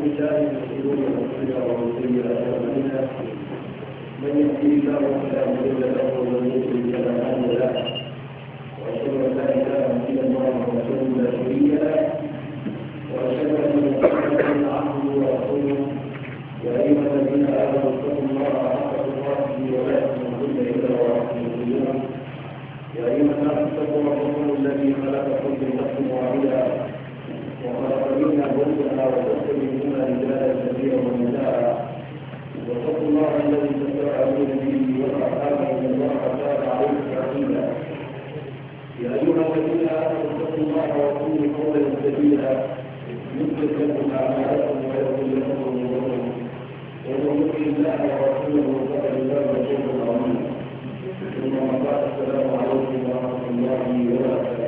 بالله من شرور انفسنا ومن سيئات اعمالنا من يهدي الله فلا مضل له ومن يضلل فلا هادي له واشهد ان لا اله الا الله وحده لا شريك له واشهد ان محمدا عبده ورسوله يا ايها الذين امنوا اتقوا الله حق تقاته ولا تموتن الا وانتم مسلمون يا ايها الناس اتقوا ربكم الذي خلقكم من نفس واحده وقد سمعنا قولنا وتسلم منا رجالا كثيرا ونساء واتقوا الله الذي تساءلون به والارحام ان الله كان عليكم رحيما يا ايها الذين امنوا اتقوا الله وقولوا قولا سديدا يصلح لكم اعمالكم ويغفر لكم ذنوبكم ومن يطع الله ورسوله فقد فاز فوزا عظيما ثم ما السلام عليكم ورحمه الله وبركاته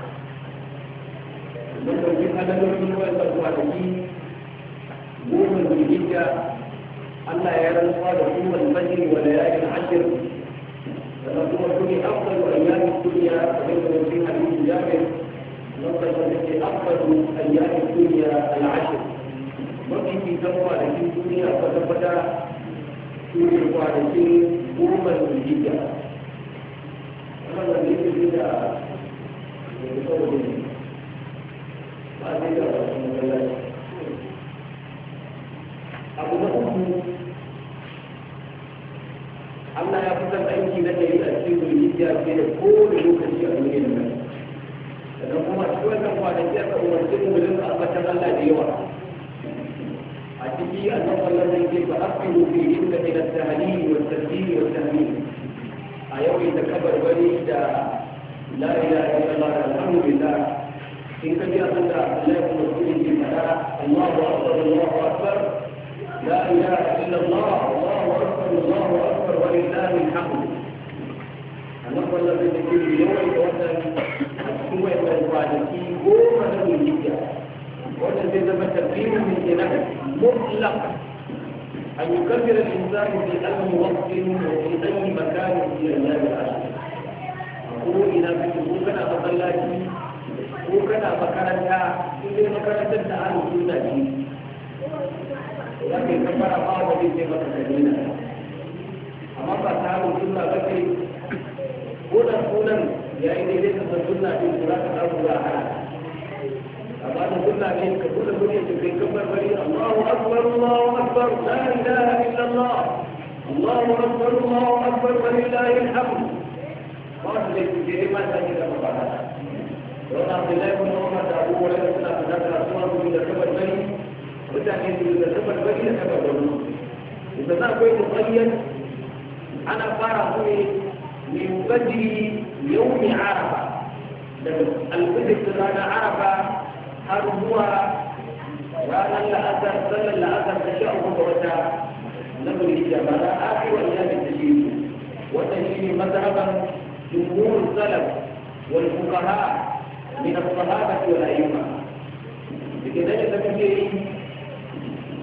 kalamomi wanda kwanaki goma zulhijja Allah ya rantsuwa da kuwan fajr wa layalin ashr sannan kuma su ne afdalu ayyamin duniya kamar da wajen hadisin jami'in lokacin da ke afdalu ayyamin duniya al'ashr mafi fitan kwanakin duniya kwata-kwata su ne kwanakin goma zulhijja wannan ne da ke da abu na uku Allah ya fitar aiki na ɗari a cikin zuciya fiye da kowane lokaci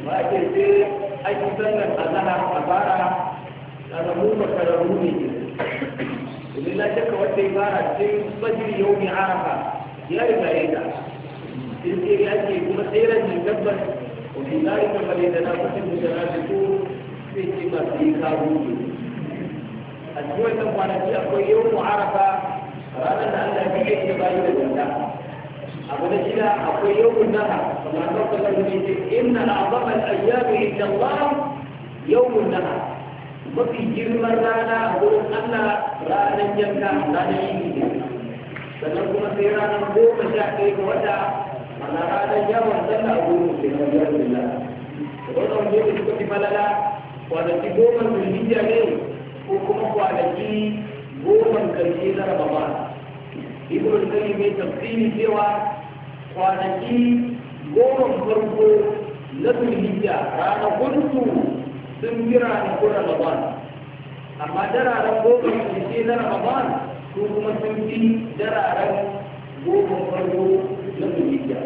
ba a ke ce ake sannan a zana a fara a zamu makararru ne domin na shakka wata ya fara cikin fajiri yau mai arafa ya yi ya ta in ce ya ce kuma tseren ne tabbas wani zari kamar da na kusa da na ce fito sai ce masu yi kawo ne a cikin wannan kwanaki akwai yau mu arafa ranar da Allah ya fi aiki bayi da wanda abu na shida akwai yawon naha kuma an ɗaukar da ne ce inna al'azamar ayyabi inda Allah yawon naha mafi girman rana a wurin Allah ranar yanka ranar yi sannan kuma sai ranar goma sha ɗaya ga wata mana ranar yawon sallah a wurin sai nan. biyar da Allah da wannan goma suka fi falala kwanaki goma zulhijja ne ko kuma kwanaki goma karshe na ramadan ibn al-qayyim ya tafsiri cewa kwanaki goma farko na zulhijja rana kuntu sun ranar ko ramadan amma dararen goma ke na ramadan su kuma sun fi dararen goma farko na zulhijja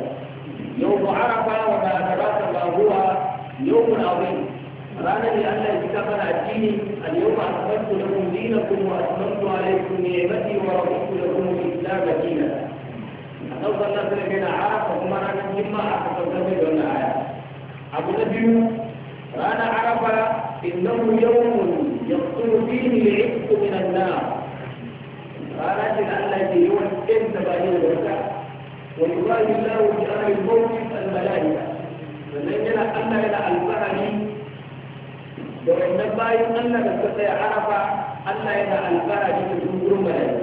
yau ba wa ma'adarata ba huwa yau mun abin ranar da Allah ya ji kafar addini al yau ba akmaltu lakum dinakum wa atmamtu alaykum ni'mati wa raditu lakum al-islam dinan a ɗaukar nasu da gina arafa kuma ranar ma a ɗaukar da na aya abu na biyu ranar arafa innahu yawmun yaqtulu fihi al-'ibq min an-nar قالت التي هو انت بني الوزع ويراد الله بأمر الموت الملائكة فلن يلا أما إلى الفهم da wannan bayan Allah da suka tsaya arafa Allah yana alfahari da sun gurin malayi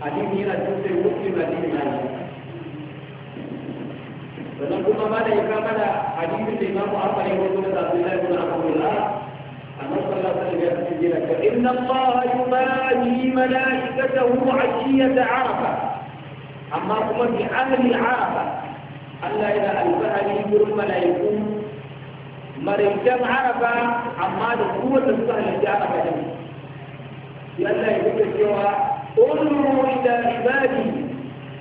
hadisi yana cikin sai wuce ba ne na sannan kuma ma da ya kama da hadisi da imamu Ahmad ya wato da zafi Allah ibn Abdullah annabi sallallahu alaihi wasallam ya ce jira ka inna Allah yubali malaikatahu ashiyata arafa amma kuma bi ahli arafa Allah yana alfahari gurin malaikun marintan araba amma da kowace suka halitta araba ne yalla ya kuka cewa ulmu ila ibadi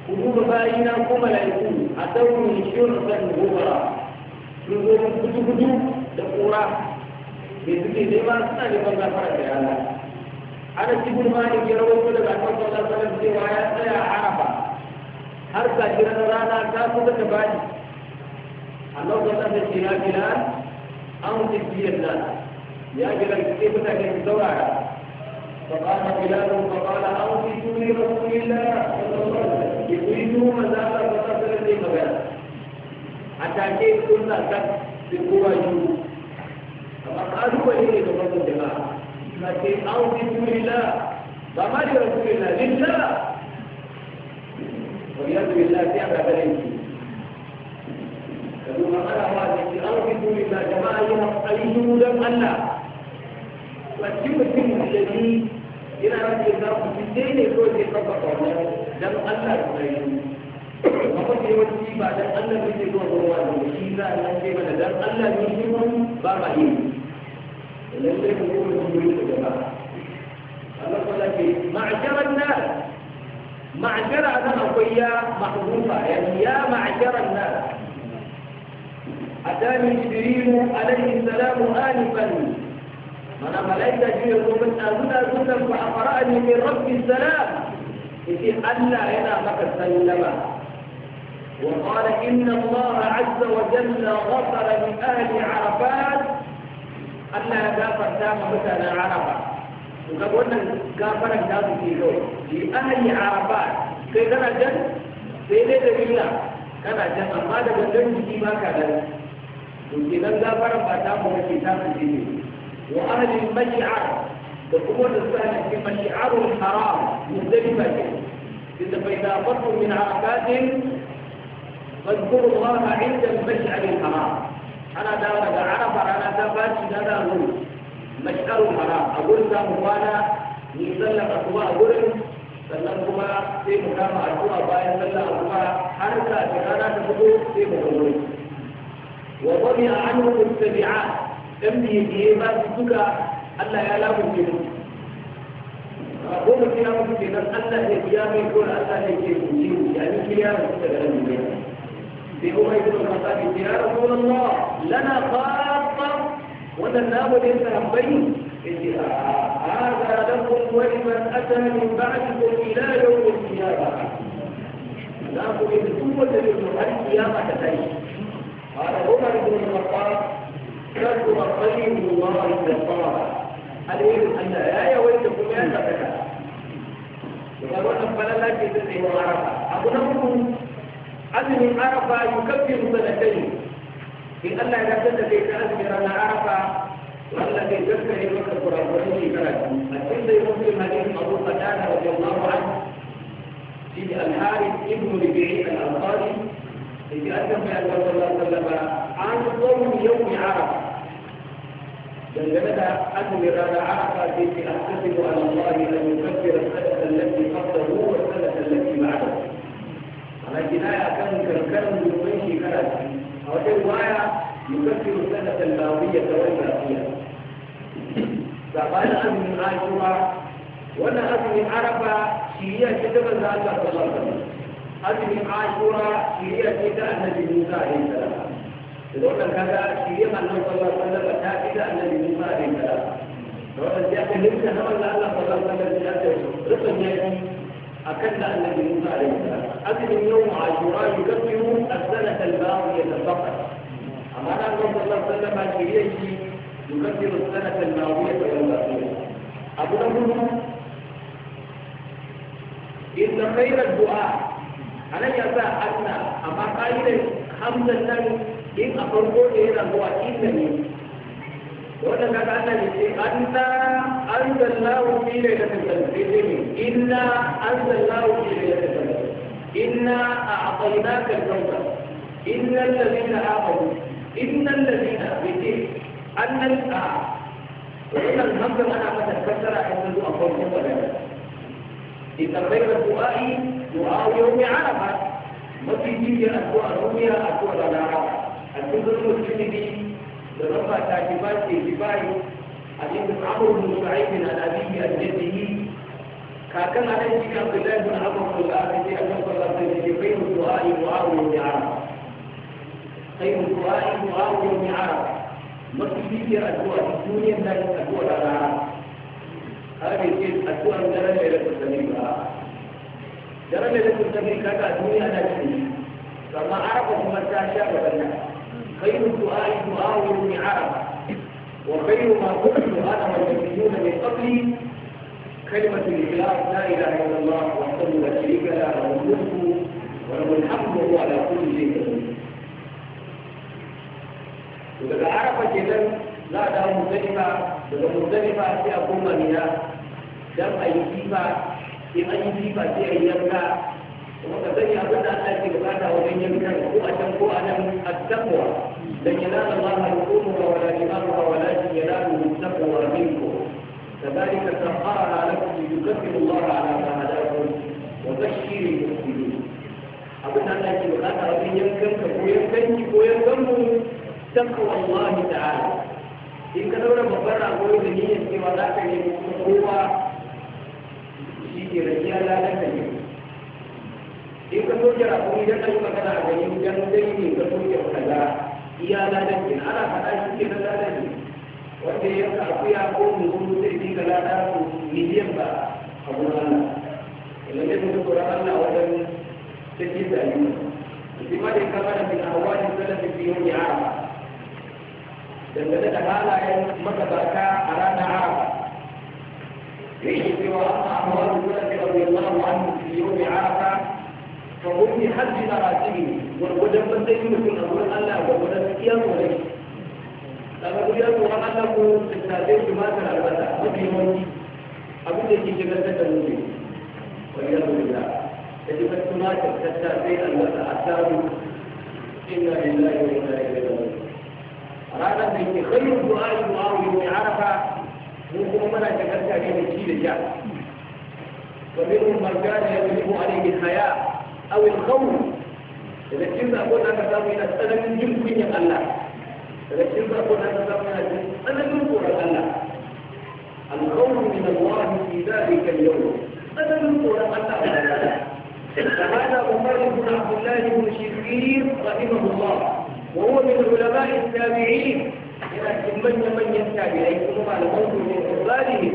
ku duba na ko malaiku a tsawon daurin shirkan gobara sun zo mun kudu kudu da kura me suke nema suna neman gafara da yana ana cikin malik ya rawaito daga annabi sallallahu alaihi wasallam cewa ya tsaya a araba har sa kiran rana ta kusa ta bani A lokacin da wasallam ya ce أنصف لي الناس يا بلال كيف تكن زرعا فقال بلال فقال أنصفوا لرسول الله صلى الله عليه وسلم يريدوا مزالا فتصل لي مكان حتى كيف كنا كف بقوة يوسف فقالوا وإني لفضل الجماعة لكن أنصفوا لله فما لرسول الله لله والعياذ بالله تعب عليكم يقول أنا والدي أغفر لله جماعة يمحيه دم الله والجمع الذي إلى رجل الناس في الدين يقول لي فقط دم الله يمحيه kamar da yawanci ba dan Allah ne ke zuwa ruwa da shi za a yanke mana dan Allah ne ke mun ba ma yi idan sai ku kuma ku yi da ba Allah ko da ke ma'jaran nas ma'jara nan akwai ya mahrufa ya ya ma'jaran nas أتاني جبريل عليه السلام آنفا من ملائكة جبريل من أذنى ذنبا فأقرأني من رب السلام إذ ألا هنا فقد سلم وقال إن الله عز وجل غفر لأهل عرفات ألا يغفر دام مثلا عرفة وقال غفر دام كيلو لأهل عرفات كيف كان جن سيدة جميلة كان جن أما دقل جن جيبا كان to kenan gafaran ba ta mu kace ta mu ne wa ahli al-mash'ar da kuma da suka cikin mash'ar al-haram muzdalifa ce inda fa idza fatu min arakat fadhkuru Allah 'inda al-mash'ar al-haram ana da daga arafa rana ta baci da da ruwa mash'ar al-haram a gurin da mu kwana ni sallar asuba a gurin sannan kuma sai mu kama addu'a bayan sallar asuba har ka rana ta fito sai mu gurin وضمع عنه المتبعات ɗan biye-biye ba su duka Allah ya lamunce mu a goma kira mutu ke nan Allah ne biya mai ko da Allah ne ke kunci mu ya ni kira mu daga nan ne sai ko ai kuma ka sabi ya rasulullah lana qatta wannan namu ne sahabbai yace hada lakum wa liman ata min ba'dikum ila yawm al-qiyamah za ku ne duk wanda ne har kiyama ta tashi قال عمر بن الخطاب ترك الطيب الله الجبار هل يقول ان لا يا ويل فلان بكى وقال فلا لا تدعي عرفه ابو نمر أذن عرفة يكبر سنتين في ألا يكتب في تأذكر أن عرفة والذي يذكر الوقت القرآن في بلد الحمد مسلم حديث أبو قتادة رضي الله عنه في الحارث ابن ربيعي الأنصاري لكي أتم يا الله صلى الله عليه وسلم عن صوم يوم عرفة جلبنا أن إرادة عرفة التي أحتسب على الله أن يكفر السنة التي قبله والسنة التي بعده على جناية كان كركن يمشي كلام أو رواية يكفر السنة الماضية والباقية فقال أن عاشوراء وأنا أبني عرفة شيئا كتب الله صلى الله عليه وسلم azumin ashura shirya ce ta annabi musa alaihi salam da wannan kaga shirya annabi sallallahu alaihi wasallam ta fi da annabi musa alaihi salam da wannan ya ce linka na wannan Allah sallallahu alaihi wasallam ya ce rufin ya yi akan da annabi musa alaihi salam azumin yawm ashura yukaffiru as-sanata al-baqiyata faqat amma da Allah sallallahu alaihi wasallam shirya shi يكفر السنة الماضية والباقية أبو نبوه إن خير الدعاء a ya sa asna amma ƙa'idar hamzan nan in a farko da yana zuwa inda ne wannan kaga Allah ne ce anna anzalallahu fi lailatul qadr sai ce ne inna anzalallahu fi lailatul qadr inna a'tainaka al-kawthar inna allazina amanu inna allazina bi annal a wannan hamzan ana mata fassara a yanzu a farkon wannan Inna ba du'ai du'a yaumi arafa mati jiya aku arumia aku adara. Aku dulu sini di rumah tajibat di Dubai. Ali bin Abu Musa'ib bin Ali al-Jadi. Kakang ada di kan bilal bin Abu Qulal di Allah Subhanahu wa ta'ala di bin du'ai wa yaumi arafa. Kayu du'ai wa yaumi arafa. Mati jiya aku di dunia dan aku adara. هذا يصير درجة إلى درجة إلى التسليم كانت الدنيا لا فما عرفه من تشاء وبنى خير الدعاء دعاء المعارف وخير ما قلت أنا والنبيون من قبلي كلمة الإخلاص لا إله إلا الله وحده لا شريك له وله الحمد على كل شيء قدير. وإذا عرف كذا za a dawo muzdalifa daga muzdalifa sai a koma mina dan a yi jifa sai an yi sai a yi yanka kuma ka sani abin da Allah ke bukata wajen yankan ko a can ko a nan a takwa da yanala Allah al-qumu wa wala jimaru wa wala yanalu taqwa minkum كذلك سخرها لكم لتكبر الله على ما هداكم وبشر المؤمنين abin da Allah ke bukata wajen yankan ka ko yankan ki ko yankan mu taqwa Allah ta'ala in ka zaura babban rago da niyyar cewa za ka ne kowa shi ke rakiya lalata ne in ka soke rago idan ka yi magana a gani idan dai ne ka soke kaza iya lalata ne ana faɗa shi ke na lalata ne wanda ya ka akuya ko mutum zai bi ka lalata miliyan ba a gurin Allah. Ilan ne mutum tsoron Allah wajen تجد أيوة لماذا كمان من أهوال da في ya عرفة dangane da halayen magabata a ranar arafa yake cewa amma amma wani wurin da wani yalla mai arafa fa gumi hajji na rasiri gwargwadon yi mutum a wurin allah gwargwadon iya tsoron daga iya tsoron allah ko tattalin tumatir albasa mafi yawanci abin da ke shigar da mutum wani yalla da ta shigar tumatir tattalin albasa a samu inna lillahi wa inna ilaihi raji'un هذا da خير khairu du'a du'a عرفه arafa من اتكلم muna shakarta ne da ومنهم من كان يغلب عليه الحياء أو الخوف إذا كنت أقول أنا سامي أنا من جنبي الله إذا كنت أقول أنا سامي أنا من قرى الله الخوف من الله في ذلك اليوم أنا من قرى الله فهذا عمر بن عبد الله بن شرير رحمه الله وهو من العلماء التابعين من من يتابع يكونوا على موت من إقباله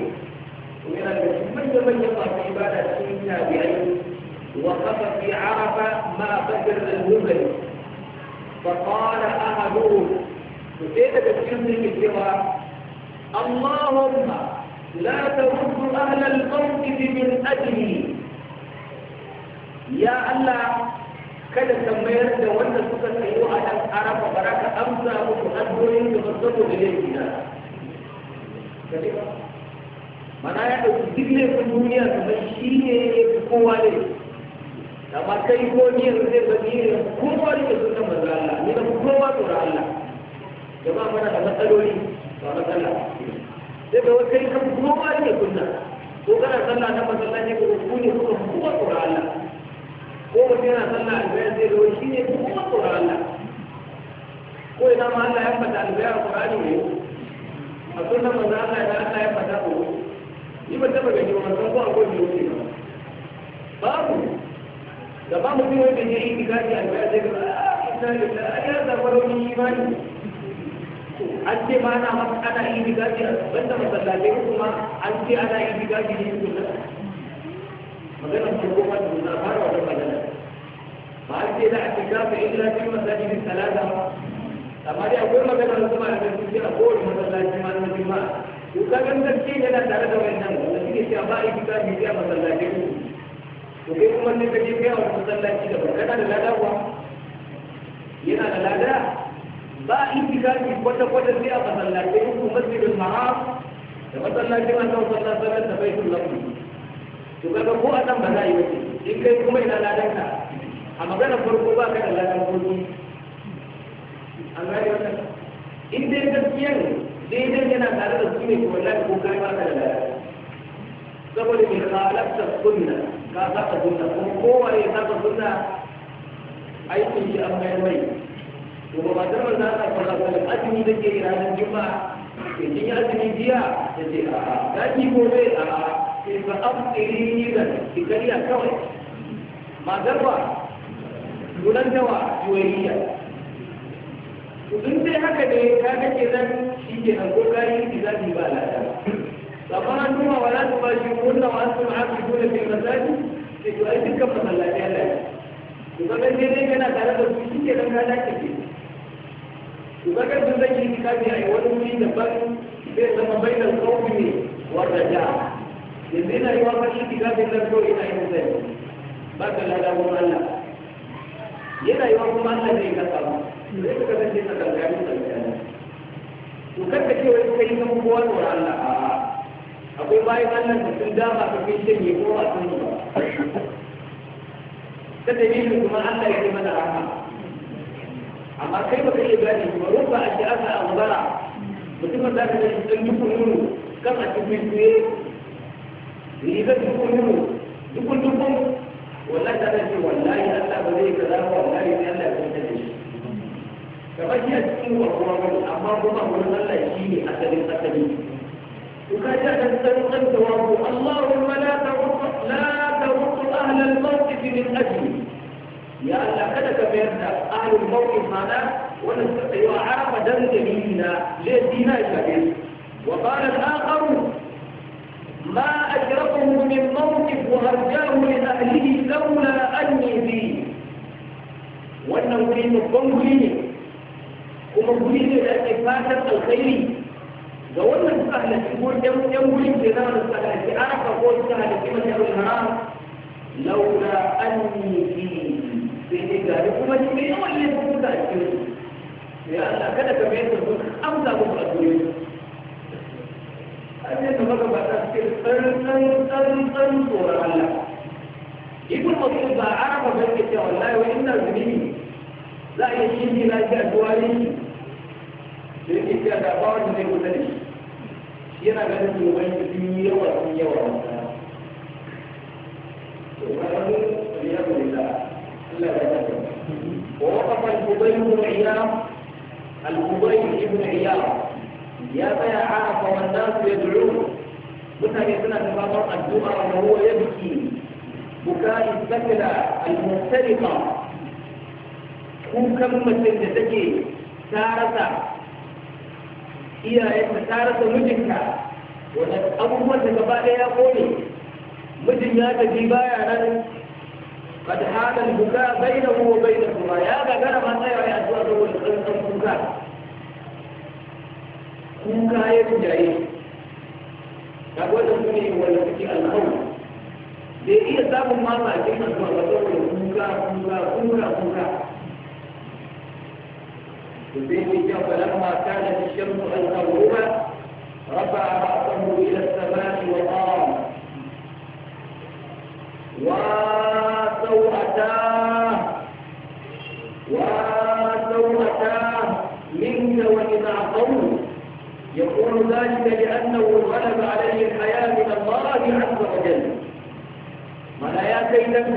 ومن من من يضع في عبادة التابعين وقف في عرفة ما بدر الهمل فقال أهدون وكيف تتكلم بالجواب اللهم لا ترد أهل الموقف من أجلي يا الله كذا سمير وانت suka tsayo a ɗan arafa ba za ka amsa musu hanyoyin da ba da laifi na mana ya ɗauki duk laifin duniya kamar shi ne ya fi kowa ne amma kai ko ni yanzu zai ba ni ne kowa ne suna sunan manzo Allah ni na kowa tsoron Allah jama'a mana da matsaloli ba matsala sai ga kai kan kowa ne suna, ko kana sallah na masallaci ko ku ne kuka kowa tsoron Allah ko mutum yana sallah albayar zai zo shi ne kuma tsoron Allah ko ina ma Allah ya fata albayar Qur'ani ne a sunan manzo Allah ya Allah ya fata ko ni ba taba gani ba san ko akwai ne wuce ba babu da ba mutum wanda ya yi tikati albayar zai ga ah, inna lillahi ya zama rauni imani an ce ba ana masa ana yi digaji banda masallatai kuma an ce ana yi digaji ne kuma magana ce ko ba ta fara wata magana ba a ce za a ce shafi illa fi masajidin talata ba amma dai akwai magana da kuma da su ce a kowane masallaci ma na juma'a to ka ga sarki yana tare da wannan da suke cewa ba a ka fita bi a masallaci Ko kai kuma ne ka je kai a masallaci da ba kana da lada kuwa yana da lada ba a yi fita bi kwata-kwata sai a masallaci uku masjidin ma'am da masallacin an kawo sallaci da baitul lafi to ga ko a nan ba za a yi wace in kai kuma ina ladan ladanka a magana farko ba ka da ladan farko Allah ya san in dai gaskiya ne dai yana tare da su ne ko Allah ko kai ba ka da saboda saboda ka halatta sunna ka saka sunna kuma kowane ya ka sunna aikin shi an mayar mai kuma ba da za ka fara wani azumi da ke ranar juma'a ke kin yi azumi biya da ce a'a ta ki gobe a ke ka abu tsiri ni da ki kariya kawai garba nunan dawa juwayiya in sai haka ne ka kake kenan shi ke nan ko kayi shi za yi ba lada amma an tuma wa su ba shi kunna wa su aqiduna ke masajid sai to ai dukkan masallaci Allah ne ku ga sai dai kana tare da su shi ke nan ka dace ke ku ga duk da ki ka bi ai wani wuri ba zai zama bainal qawmi ne wa raja yanzu ina yi wa fashi kitabin na ko ina yin zai ba ka lada wa Allah yana yi wa kuma Allah zai kasa ba zai ka kasance ka kankani kankani to kar ka ce wai kai kan kowa da Allah a'a akwai bayan Allah da sun dama ka kai shi ne ko ba sun ba ta dalilin kuma Allah ya yi mana rahama amma kai ba kai gane ba rufa a ce aka ambara mutumin da ka shi dan dukun nuno kan a cikin tuye rigar dukun nuno dukun dukun wannan ta ce wallahi Allah ba zai kaza ba wallahi sai Allah ya kunta da shi kamar shi a cikin wa kuma wani amma kuma اللهم لا تغط لا تغط اهل الموقف من اجلي يا الله كذا كبيرنا اهل الموقف هذا ونستطيع عام دندلينا لدينا شبيه وقال الاخر ما أجرته من موقف وهرجاه لأهله لولا أني بي وأنه في مقوم بي ومقوم بي لأتفاتة الخيري دولنا سهلة يقول يم يم يم جدار سهلة أنا فقول سهلة كما جاءوا الحرام لولا أني بي في إجارة كما جميعا اللي يقول ذلك يا الله كده كمية تقول أمزا مقابلين أجل نبقى بعد ذلك سلطن سلطن سلطن سلطن ibn masud ba arafa ba yake cewa wallahi wa inna zunubi za a yi shi ne na ji addu'a ne da yake cewa da ba wanda zai kusa da shi shi yana ganin zunubai su yi yawa sun yawa wasa to ba da mu ya ku da Allah ya ta ووقف الفضيل بن عياض الفضيل بن عياض يا فيا عرف والناس يدعون متى يسنى تفاضل الدعاء وهو يبكي بكاء السكلة المفترقة كم مثل da take tarasa iyayenta ta rasa mijinta wanda abubuwan da gaba ɗaya ya kone mijin ya tafi baya nan قد حال البكاء بينه وبينهما يا غدر ما تيوا يا ادوا دو القلقن كوكا كوكا يا جاي كاغو دوني ولا في الخوف sai iya samun ma ba ke nan zuwa ba saboda kuka kuka kuka kuka to sai ke cewa falamma kana shamsu al-ghawra رفع رأسه إلى السماء وقال واتوا أتاه واتوا أتاه منك وإن أعطوه يقول ذلك لأنه غلب عليه الحياة من الله عز وجل ولا يأتينك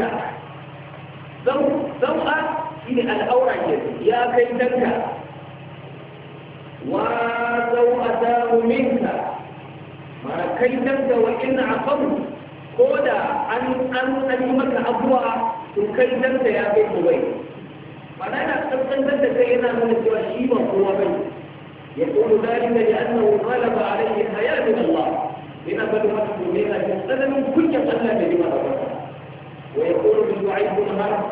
ثم سوء إلى الأورج يا كيدك وسوء أتاه منك ما كيدك وإن عفوت قولا أن أن أجمك أبوا تكيدك يا بيت وي فلنا تكيدك كينا من الجواشيب هو يقول ذلك لأنه غلب عليه حياة الله إن بل مسلمين يستلم كل قلة لما ربك ويقول من سعيد بن هرب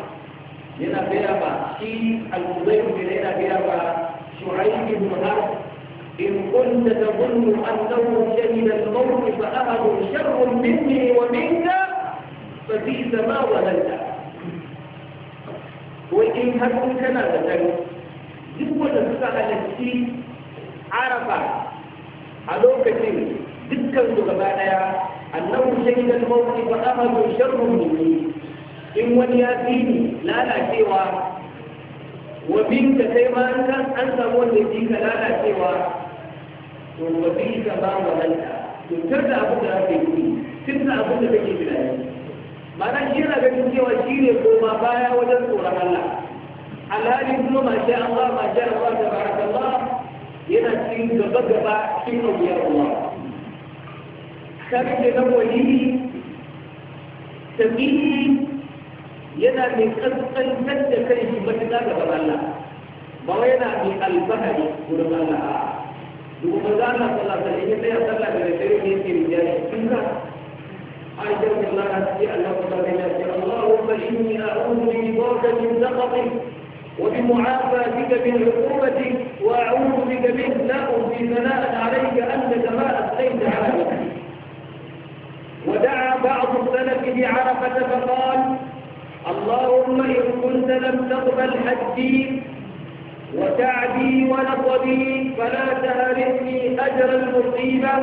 yana gaya ba shi al-Zubayr bin yana gaya ba Shu'ayb bin Harb in kunta tadhunnu annahu shahida al-mawt fa ahadu sharrun minni wa minka fa fi sama wa lanta wai in har kun kana da dare duk wanda suka halarci Arafa a lokacin dukkan su gaba daya annahu shahida al-mawt fa ahadu sharrun minni in wani ya fi ni lalacewa wa binka kai ma an samu wanda fi ka lalacewa to wa ka ba wa hanta to tarda abin da ake yi tarda abin da kake tunani ma'ana shi yana ganin cewa shi ne koma baya wajen tsoron Allah alhali kuma ma sha Allah ma sha Allah da barakallah yana cikin gaba gaba cikin rubuwar Allah kaga ke nan wani tafiyi yana mai kankantar da kai shi matuƙa gaban Allah ba wai yana mai albahari wurin Allah duk ba za na sallah ta ne sai sallah da dare ne ke rijali kin ka ayyukan Allah sai Allah ta ne ya ce Allahumma inni a'udhu bi barkat min saqatik وبمعافاتك من عقوبتك واعوذ بك منك لا اهدي ثناء عليك انك ما اثنيت على نفسك ودعا بعض السلف بعرفه فقال اللهم إن كنت لم تقبل حجي وتعدي ونصبي فلا تهرمني أجر المصيبة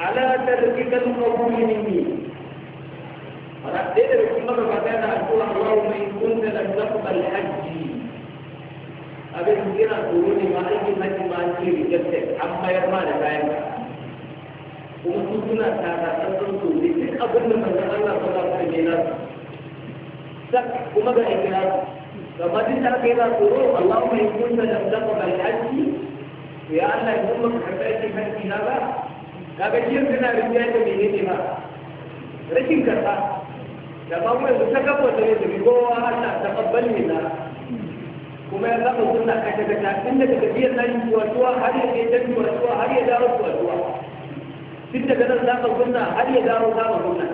على تركك القبول مني أنا فرأتنا بكم مرة فتاة أقول اللهم إن كنت لم تقبل حجي أبي كنا قولون ما أجي ما أجي ما أجي لجلسة أما يرمان فائمة ومسوطنا سادة أصدر سوري أبنى مثلا الله صلى الله عليه وسلم sak kuma ga ikirari amma duk da haka yana tsoro Allahumma in kunta lam taqbal hajji ya Allah idan baka karɓa yake hajji na ba kaga shi yanzu na rinja da menene ba rashin karɓa da ba mu yanzu ta kafa da ne da kowa Allah taqabbal minna kuma ya zama sunna ka daga ta inda daga biyar na yi tuwa har ya kai dan tuwa har ya dawo tuwa tuwa tun daga nan zaka sunna har ya dawo zaka sunna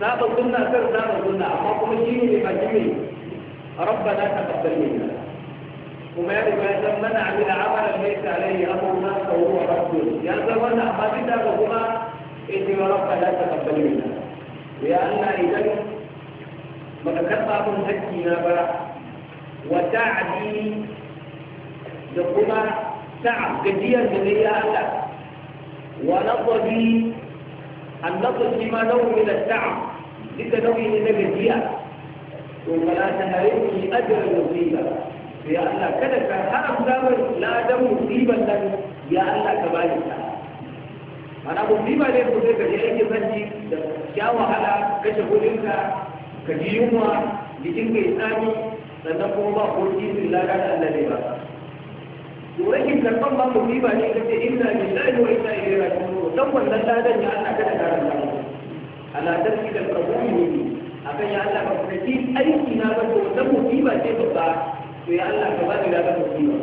سابق قلنا سر سابق قلنا أعطاكم الجيم لفجمي رب لا تقبل منا وما يبقى يتمنع من عمل ليس عليه أمر ما فهو رب يا زمان أحبابنا وهما إنه رب لا تقبل منا لأن إذا مكتبه من هجينا برا وتعدي لهما تعب كثير من الياسة ونضجي النضج فيما نوم من التعب duk da nauyi ne na gajiya to fala ta ki ajiyar musiba to ya Allah kada ka haramta min ladan musibar nan ya Allah ka bani ta mana musiba ne ko sai ka je aikin zanci da sha wahala kashe kudinka ka ji yunwa jikin ka yi tsami sannan kuma ba ko jikin ladan Allah ne ba ولكن كان الله مصيبة عليك إنا لله وإنا dan wannan Ladan ya Allah kada ka haram zamar ala tafi da kabuli ne akan ya Allah ka fi aiki na ba to dan musiba ce ba to ya Allah ka ba ni da musiba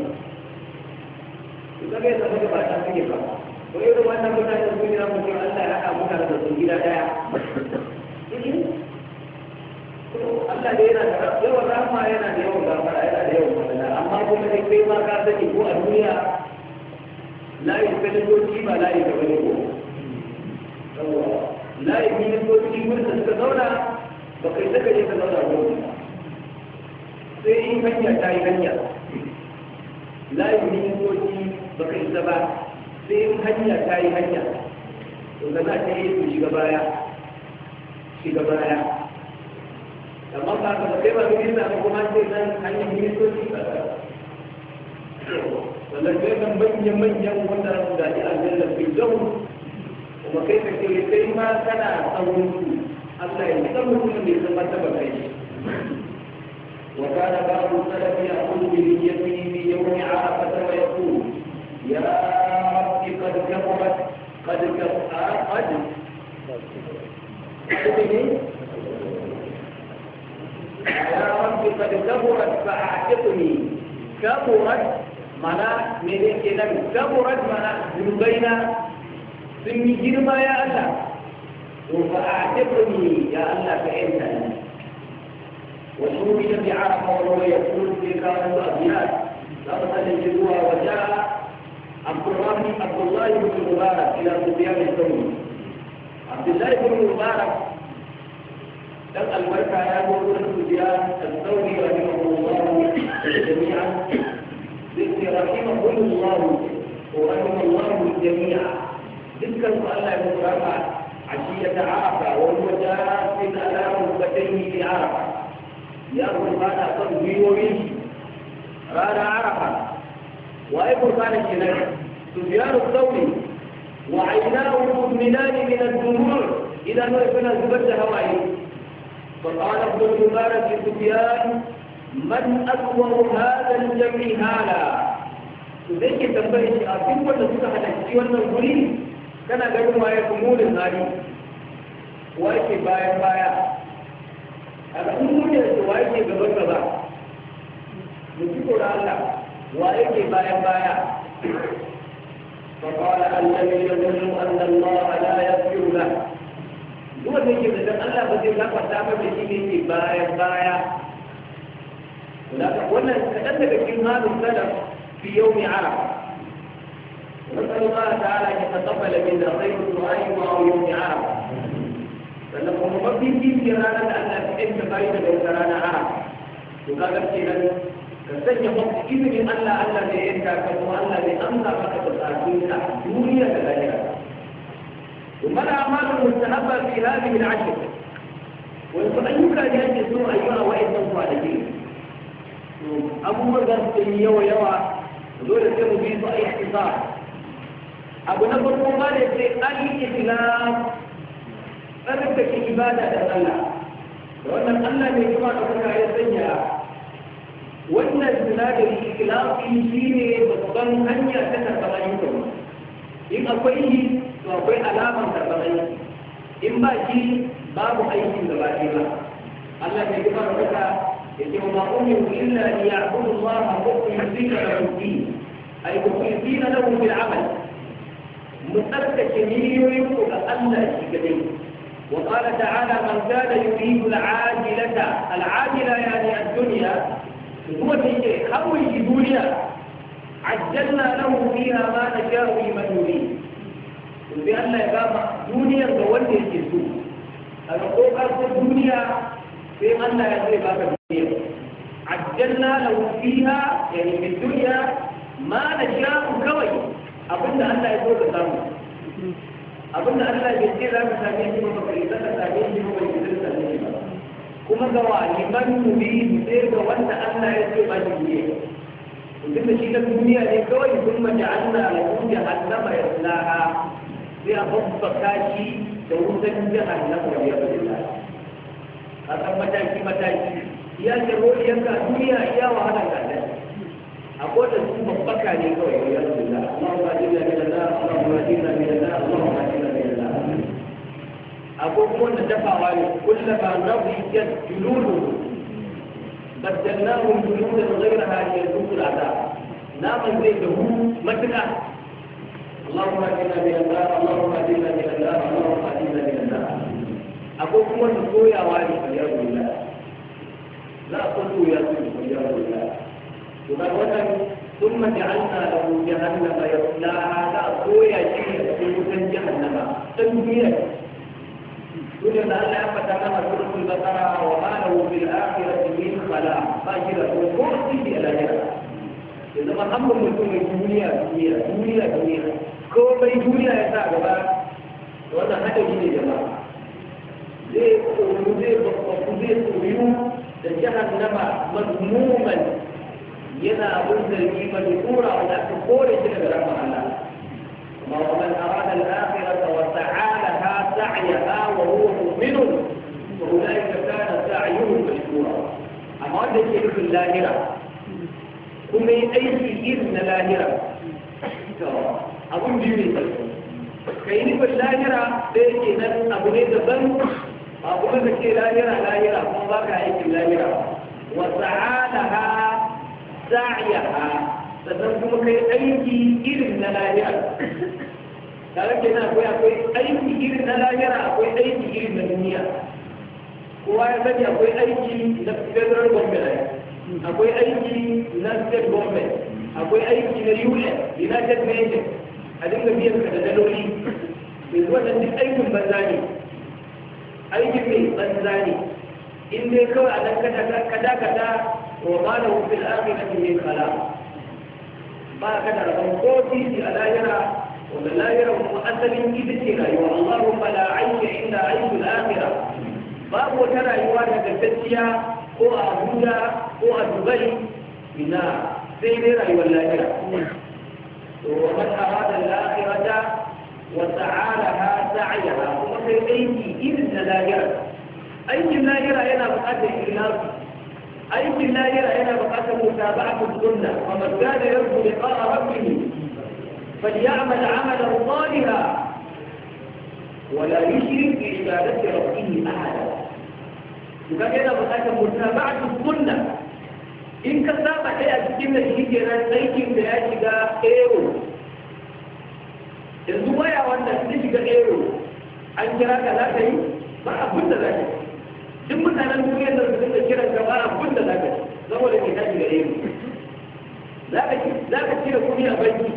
to kaga ya zama ba ta kike ba ko yau da wannan mutane kuma yi ramu Allah ya haɗa mutane da su gida daya Allah da yana da yawan rahama yana da yawa, gafara yana da yawa. magana amma kuma dai kai ma ka sani ko a duniya la yi ko doki ba la yi gaba ne layi ministoci wurin suka zauna ba kai saka je ka zauna wurin sai in hanya ta yi hanya layi ministoci ba kai isa ba sai in hanya ta yi hanya to ga za ta yi su shiga baya shiga baya amma ba ka ba kai ba minista ba kuma sai nan hanyar ministoci ba wannan sai kan manyan manyan wanda za su gaji aljanna fi dawo wa kai ka ce kai ma kana tsawon su Allah ya san mutum bai san mata ba kai wa kana ba'du salafi yaqulu bi niyyatihi fi yawmi arafah wa yaqulu ya rabbi qad kafarat qad kafarat qad يا رب قد كبرت فأعتقني كبرت معناه من كبرت معناه ذنوبينا sun yi girma ya Allah to fa a'tabni ya Allah ka enta ni wa shubita bi arfa wa huwa yaqul bi kalam abiyat laqad tajidwa wa jaa عبد الله عبد الله بن مبارك الى سفيان الثوري عبد الله بن مبارك دخل المركع يا ابو سفيان الثوري رحمه الله جميعا رحمه الله ورحمه الله الجميع dukkan su Allah ya mutaka a shi ya ta arafa wani wata sai da alamun batun yi da arafa ya rufa da kan gwiwoyin ranar arafa wa ya rufa da shi nan su ziyaru sauri wa ainihu mu'minani min al-jumhur idan wai suna zubar da hawaye فقال ابن المبارك سفيان من أكبر هذا الجميع هذا تذكر تنبهي أبين ولا تتحدث في ولا الغريب kana ganin waye kumunin hali waye ke bayan baya al'ummar da su waye ke gaban gaba mu ci kura Allah waye ke bayan baya فقال الذي يظن أن الله لا يغفر له هو الذي يظن أن الله بزي الله فتاما بشيء بايا بايا ولكن wannan kaɗan daga cikin halin salaf fi yau mai arafa نسأل الله تعالى أن يتقبل منا خير الدعاء وأويم عرب sannan kuma mafi kifiyar ranar da Allah ya ɗauke bayi daga wata rana a to ka gaske nan ka sanya mafi izinin Allah Allah ne yanka ka kuma Allah ne amsa maka da tsakinka duniya da lahira ثم الأعمال المستحبة في هذه العشر والتأيك لأجل سوء أيها وإن الصالحين أبو بكر يوى يوى دولة كانوا في احتضار abu na farko ma da ce al-islam tsarkake ibada da Allah da wannan Allah ne kuma da kuma ya sanya wannan sinadari ikhlasi shine babban hanya ta karɓar ayyuka in akwai yi to akwai alamar karɓar ayyuka in ba shi babu aikin da ba shi ba Allah ne kuma da kuma ya ce ma umin illa liya'budu Allah wa yuqimuna lahu al-din ay yuqimuna lahu bil 'amal مؤكد مليون وكأن الشيء وقال تعالى من كان يريد العاجلة العاجلة يعني الدنيا هو في خوي الدنيا عجلنا له فيها ما نشاء لمن يريد بأن لا يقام دنيا وولي الجسوم أنا أقول الدنيا في أن لا يقام الدنيا عجلنا له فيها يعني في الدنيا ما نشاء كوي أقول أن لا يقول abinda Allah bai ce za ka sami shi ba ka yi zaka sami shi ba bai zai same shi ba kuma ga wa liman mubi sai ga wanda Allah ya ce ba shi ne duk da shi na duniya ne kawai sun mace Allah ya kuce annaba ya tsara sai a babbaka shi da wutan jahannama da ya bari da a kan mataki mataki ya ce roli yanka duniya iya wahala ga Allah أقول لكم بقى لي قوي يا رب الله اللهم أجرنا من الله اللهم أجرنا من الله اللهم أجرنا من الله أقول لكم أن دفع كلما نضجت جلودهم بدلناهم جلودا غيرها ليذوقوا العذاب نعم زيته مثلا اللهم أجرنا من الله اللهم أجرنا من الله اللهم أجرنا من الله أقول لكم أن تقول يا رب الله لا تقولوا يا رب الله ومرة ثم جعلنا له جهنم يصلاها لا سويا شيء في وجه جهنم تنبيه وجد أن لا لنا سورة البقرة وما له في الآخرة من خلاق باجرة وفرصه إلى جهنم إنما ما أمر لكم الدنيا دنيا دنيا دنيا كوبي دنيا يا ساقبا وأنا هذا جيني جماعة ليه قولوا ليه قولوا ليه قولوا ليه جهنم مذموما yana abin zargi majura wanda aka kore shi daga rahmar Allah kuma wa man arada al-akhirata wa sa'alaha sa'yaha wa huwa mu'min fa ulaika kana sa'yuhum mashkura amma wanda yake nufin lahira kuma yi aiki irin na lahira to abun biyu ne kai nufin lahira da yake nan abu ne daban ba kuma da ke lahira lahira kuma ba ka aikin lahira wa sa'alaha sa'iyaha sannan kuma kai aiki irin na lahira tare ke nan akwai akwai aiki irin na lahira akwai aiki irin na duniya kowa ya sani akwai aiki na federal government akwai aiki na state government akwai aiki na un united nations a dinga biyan ka da daloli mai wannan duk aikin banza ne aikin mai banza ne in dai kawai a nan kada kada وما في الآخرة من خلاق ما لهم موقوتي لا يرى ولا لا يرى مؤثر كبتنا والله فلا عيش إلا عيش الآخرة ما هو ترى يوانا كالفتية هو أبونا هو أدبي بنا سيرا ولا يرى ومن أراد الآخرة وسعالها سعيها ومن أيدي إذن لا يرى أي لا يرى ينا مؤثر إلهي أيضا لا يرى هنا بقاس متابعة الظنة ومن كان يرجو لقاء ربه فليعمل عملا صالحا ولا يشرك بعبادة ربه أحدا وكان هنا بقاس المتابعة الظنة إن كتابة هي أجسيم لشيكي أنا سيكي بأشيكا إيرو الزوايا وأنا سيكي بأيرو أنت راك لا شيء ما أقول لك duk mutanen duniya da su da kiran jama'a ba abin da za ka ci saboda ke tashi da yau za ka cire kuɗi a banki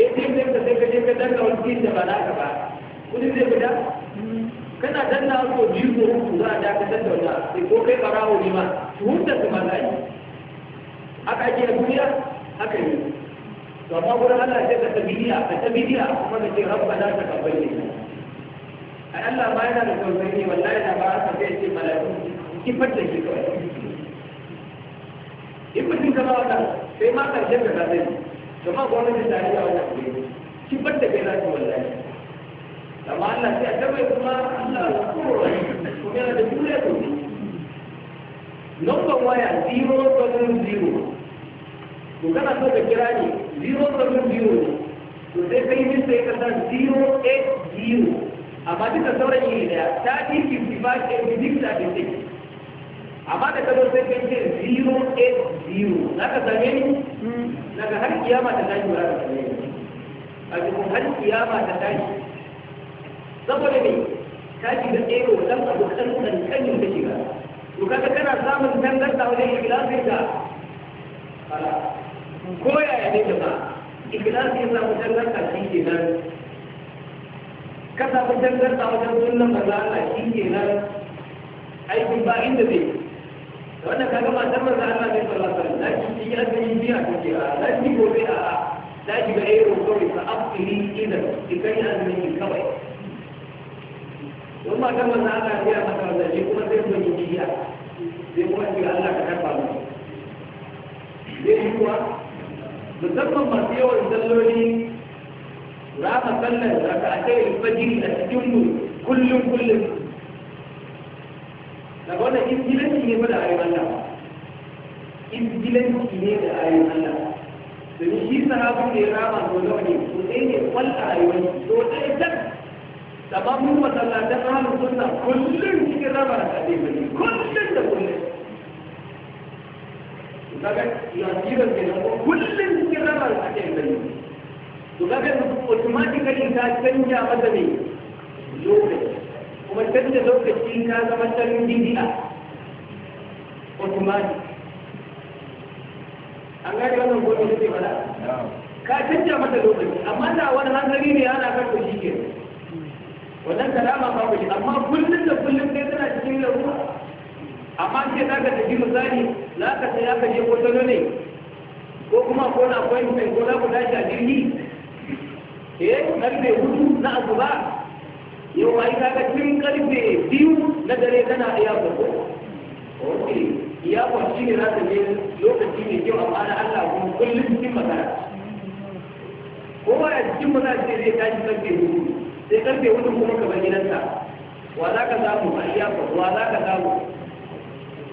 eh, ATM ne ka sai ka je ka danna wani kuɗi da ba za ka ba kuɗi zai fita kana danna ko biyu ko uku za a ka da wannan sai ko kai fara ne ma tuhumta su ma za yi haka ake da duniya haka ne to amma gurin Allah sai ka tabidiya ka tabidiya kuma ka ce rabba za ta ne. ai Allah ma yana da tausayi ne wallahi da ba sa zai ce malaku ki fadda shi kawai in mutum kama wata sai ma karshen da zai kuma gwamnati ta yi a wannan kuɗi ki fadda kai za ki wallahi amma Allah sai a tabai kuma Allah ya kuro kuma yana da juriya sosai number waya 070 to kana so ka kira ni 070 to sai kai mista ya kasa 080 amma duka sauran yi daya ta tiki fi ba ke bidik da bidik amma da kado sai kai ce 080 za ka same ni daga har kiyama ta tashi ba da ka a cikin har kiyama ta tashi saboda ne ka shiga tsero dan abokan kankanin da shiga to kaga kana samun dangarta wajen ikhlasin da ko yaya ne da ba ikhlasin ya samu dangarta shi ke nan ka samu dangarta wajen sunan maza Allah shi ke nan aikin ba inda zai wannan ka ga matar maza Allah a sallallahu alaihi wasallam shi ya zai biya ko kira a lafi gobe a da ki ga ayyukan kawai fa afiri ila ki kai azumi kawai don matar maza Allah ya mata wannan shi kuma zai yi biya zai kuma ki Allah ka karba mu zai yi kuwa musamman masu yawan zalloli za ka sallar raka'atai al-fajr a cikin mu kullum kullum daga wannan izgilanci ne da ayin Allah izgilanci ne da ayin Allah domin shi sahabin da ya rama ko nawa ne ko ɗaya ne kwalla a yawan to ɗaya tak amma mun masallatan ahlus sunna kullum cikin rama da kaɗai bane kullum da kullum kaga ya kira kenan kullum cikin rama da kaɗai bane to kaga automatically ka canja masa ne lokaci kuma canja lokaci ka zama can bidi'a automatic an gane wannan gobe da ke fada ka canja masa lokaci amma da wani hankali ne ana kan shi ke wannan kalama ba ku shi amma kullum da kullum dai tana cikin larura amma ce za ka tafi misali za ka saya ka je kwatano ne ko kuma ko na kwai ko za ku tashi a jirgi karfe hudu na asuba yau ma ita ka tun karfe biyu na dare tana iya gobe ok iya kwanci ne zata ne lokaci ne kyau amma na Allah kuma kullum cikin magana ba ya cikin magana ce zai tashi karfe hudu sai karfe hudu kuma ka bar gidansa wa za ka samu a iya wa za ka samu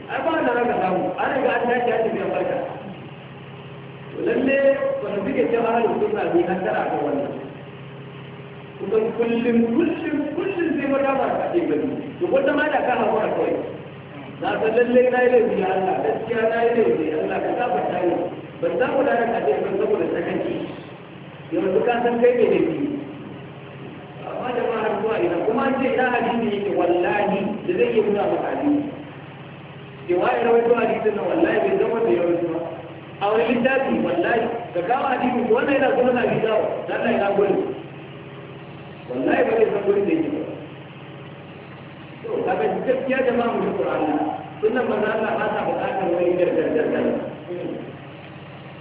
ai ba da za ka samu an riga an tashi an tafi a farka lalle wanda suke cewa halin suna bi an tara ga wannan kusan kullum kullum kullum sai wata ba ta ke gani to wata ma da ka kuma a kawai na san lallai na yi laifi ya Allah gaskiya na yi laifi Allah ka saba ta yi ban za mu dara ka ban saboda sakanci yanzu ka san kai mai laifi amma da ma har zuwa ina kuma an ce ina hadisi yake wallahi da zai iya nuna maka hadisi ke waye rawaito hadisin nan wallahi bai zama da yawan ba a wani littafi wallahi ka kawo hadisi wannan yana zuwa na bidawa dan na na gwani. wallahi ba zai san gurin da yake ba to kaga gaskiya da mamu da qur'ani sunan manzo Allah ba ta bukatar wani gargar gargar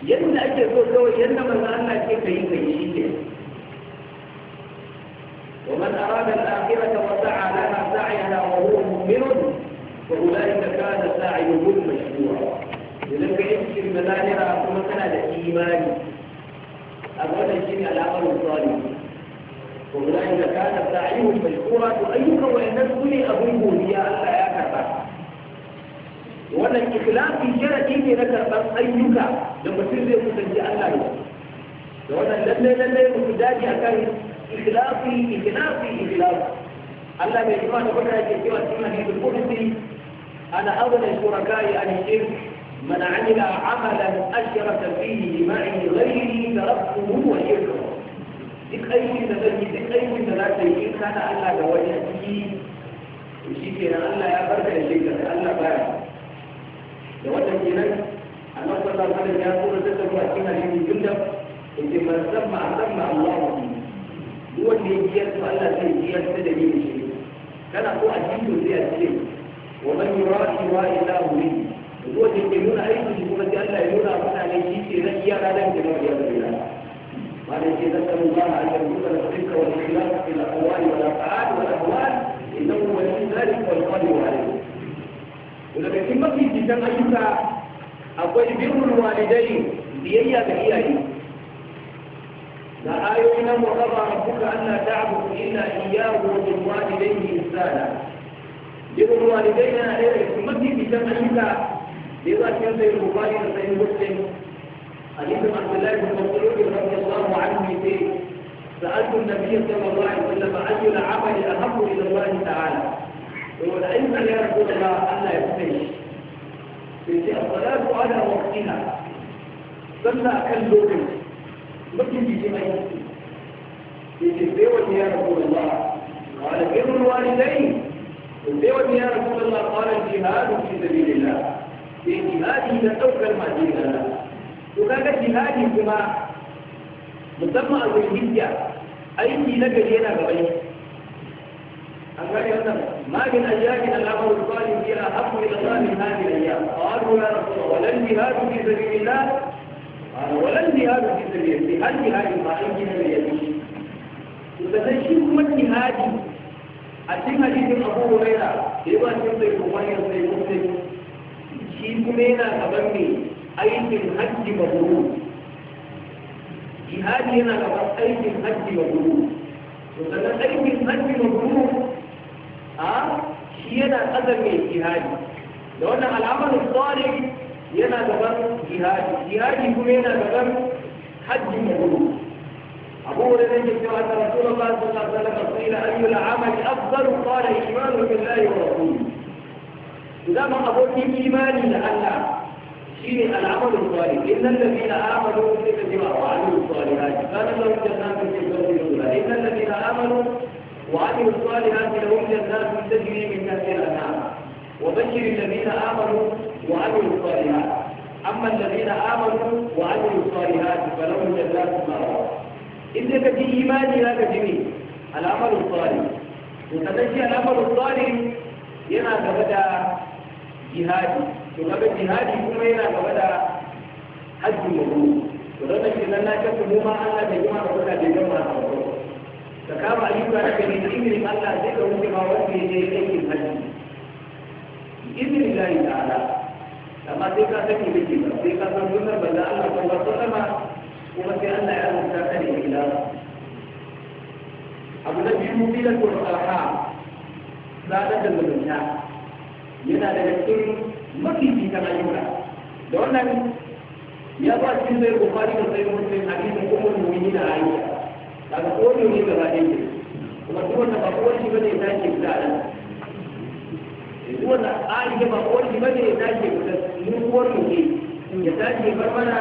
yadda ake so kawai yadda manzo Allah ke kai kai shi ne ومن أراد الآخرة وسعى لها سعيها وهو مؤمن فأولئك كان سعيهم مشروعا إذا كنت في da ثم كان إيماني أولا شيء العمل الصالح والله لكان سعيه مشكورا تؤيد وإنه ولي أبوه هي ألا يا يكربك وأن الإخلاف في شركه لكربك أيك لما ترزي مسجي ألا يكربك وأن لن لن يمتداجي أكاري إخلافي إخلافي إخلافي الله يجمعنا بكرة يجمع سنة في القدس أنا أغنى شركائي عن الشرك من عمل عملا أشرك فيه معي غيري تركته وشركه duk aikin da zan yi duk aikin da za ka yi in kana Allah da wani a ciki to shi nan Allah ya barka da shi da Allah baya da wannan kenan Allah sallallahu alaihi ya tura ta tabbata cikin hadisi junda yace man samma samma Allah wa duk wanda ya ji yarda Allah zai ji yarda da yin shi kana ko a cikin sai a ce wa man yurati wa ilahu li duk wanda ke nuna aiki kuma sai Allah ya nuna mutane shi ke na iya ranar da ya yarda ولكن إذا ذكر الله عز وجل الحق والخلاف في الأقوال والأفعال والأهوال إنه ولي ذلك والقادر عليه إذا كما في كتاب أيوكا أقول بر الوالدين بيئة بيئة لا آيوين وقضى ربك ألا تعبد إلا إياه وبالوالدين إحسانا بر الوالدين كما في كتاب أيوكا لذا كان سيد البخاري وسيد مسلم حديث عبد الله بن مسعود رضي الله عنه يقول سألت النبي صلى الله عليه وسلم أي العمل أهم إلى الله تعالى يقول علما يا رسول الله ألا يفتش يقول الصلاة على وقتها صلى أكل مثل ممكن يجي ما يجي يا رسول الله قال بر الوالدين والبيوت يا رسول الله قال الجهاد في سبيل الله في جهاده لتوكل ما دين الله to kaga jihadi kuma musamman a zulhijja aiki na gari yana gaba ne an gane wannan magin na lamar salih fi ahabbu ila Allah min hadhihi al A wato ya rasulullah wa lan jihadu fi sabilillah wa lan jihadu fi sabilillah hal jihadu ma aiki na gari yake sannan shi kuma jihadi a cikin hadisin Abu Hurairah da yawa cikin sai kuma yin sai mutum shi kuma yana أيدي الهج وبروض جهادي هنا لقد أيدي الهج وبروض وقد أيدي الهج وبروض آه، هي ده قدم الجهادي لو أن العمل الصالح هنا لقد جهادي جهادي هو هنا لقد حج وبروض أبو رضي الله عنه رسول الله صلى الله عليه وسلم قيل أي العمل أفضل قال إيمان بالله ورسوله إذا ما أقول إيمان لأن العمل الصالح إن الذين آمنوا وعملوا الصالحات فلهم جنات في الأولى إن الذين آمنوا وعملوا الصالحات لهم جنات تجري من تحتها الأنهار وبشر الذين آمنوا وعملوا الصالحات أما الذين آمنوا وعملوا الصالحات فلهم جنات ما إذا كفي إيماني لا تجري العمل الصالح وتنشي العمل الصالح ينا بدا جهادي to kaga jihadi kuma yana gaba da hajji mabrur to don da kenan na kafa mu ma Allah da jama'a da kuka da jama'a a wurin ka kama ayyuka da kake da izinin Allah sai ka wuce ma wanda ya je aikin hajji izinin Allah ta'ala amma sai ka sani da ke ba sai ka san sunnar banza Allah ko ba sallama kuma sai Allah ya rubuta ka ne ila abu na biyu bilan kur'an ha zaɗa da mutunta yana daga cikin mafi cikin ayyuka da wannan ya ba cikin zai bukari da sai muslim hadisin kuma mu'mini da aisha daga kodin ne gaba ɗaya ne kuma duk wanda ba kowar shi bane ya ke fita nan eh, duk wanda aisha ba kowar shi bane ya ke fita mun kowar ne ya tashi bar mana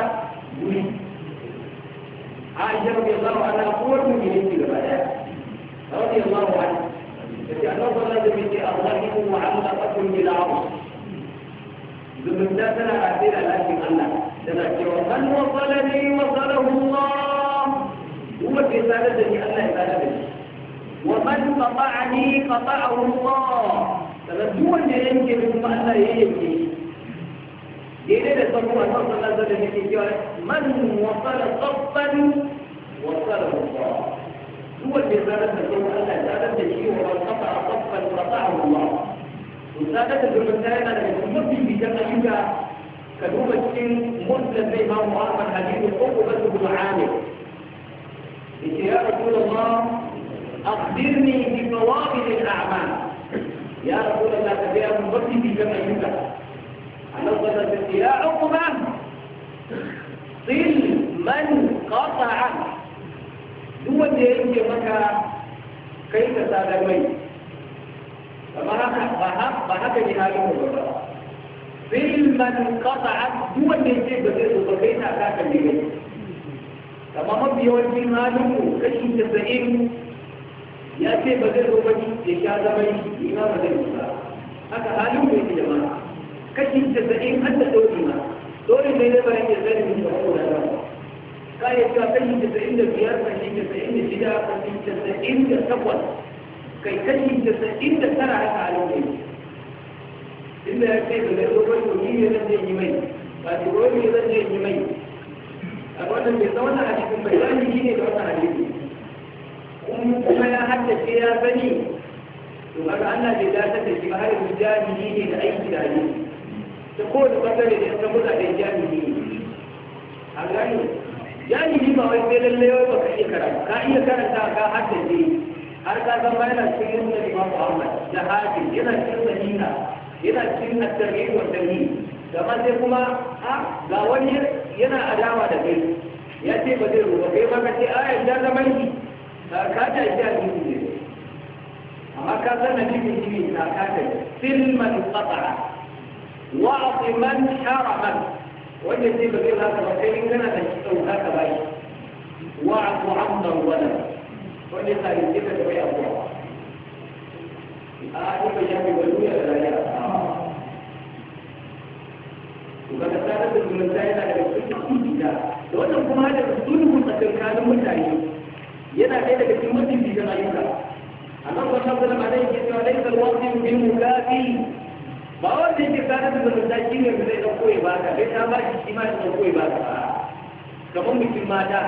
guri aisha rabbi allah ana kowar mu ne ke gaba ɗaya rabbi yanzu wa ta ce annabi sallallahu alaihi wa sallam ya ce arhamu wa ala qatl bil arsh zumunta tana rafe da lafin Allah tana cewa man wasala ne wasalahu Allah kuma ke sadar da ni Allah ya sadar da shi wa man qata'ani qata'ahu Allah sannan duk wanda ya yanke ni kuma Allah ya yanke daidai da sauran wasan sallar da nake cewa man wasala tsaffan wasala Allah duk wanda ya sadar da sauran Allah ya sadar da shi wa man qata'a tsaffan qata'ahu Allah وسادة تجربة سائلة لكن مدي بجمعية كدوبة سن مثل زي ما هو عارف الحديث العقوبة بالعامل يا رسول الله أخبرني بفواضل الأعمال يا رسول الله تبيع مدي بجمعية على الضغط يا عقوبة صل من قطع دوة يجي مكة كيف تادمين ba haka zai na ka kalle ne kama mafi yawancin halin mu kashi 90 ya ce ba zai zo ba ya sha zama yi ina ba zai ba haka halin mu yake jama'a kashi 90 har da dauki ma dole ne da bayan ya zai mu ko da ka ya ce kashi 95 kashi 96 kashi takwas. كي تجد تسكين تسرع تعليمين إلا أكتب لأنه رجل جيه يبدأ يمين بعد رجل يبدأ يمين أبوانا بيطوانا عشكم بيطاني جيه يبدأ يمين ومتما لا حتى فيها فني وقال عنا جداسة الجمهار المجاني جيه لأي جاني تقول قدر إذا تقول على الجاني جيه أبوانا جاني جيه ما هو أن لليوم وكأي كرام كأي كرام تاقا حتى جيه har ka zama yana cikin da Imam Ahmad da Hafi yana cikin Madina yana cikin at-Tarhib wa at-Tarhib kama sai kuma ha ga wani yana adawa da kai ya ce ba zai ruwa kai ba ka ce a yanzu da zama yi ka ta shi a cikin ne amma ka san na cikin jini na ka ta silman qata'a wa atiman haraman wanda ce ba zai haka ba kai in kana da shi dauka ka bai wa aqu amdan wala wanda ya halitta ka da bai abuwa a aka ya fi wani ya da ya ba ka tsara da zumunta yana da cikin gida da wannan kuma da sulhu tsakankanin mutane yana ɗaya daga cikin mafi bijan ayyuka annabi sallallahu alaihi wasallam alaihi wa sallam laysal waqti bil mukafi ba wanda yake tsara da zumunta shi ne zai dauko ya baka sai ta ba shi shi ma ya dauko ya baka kamar mutum mata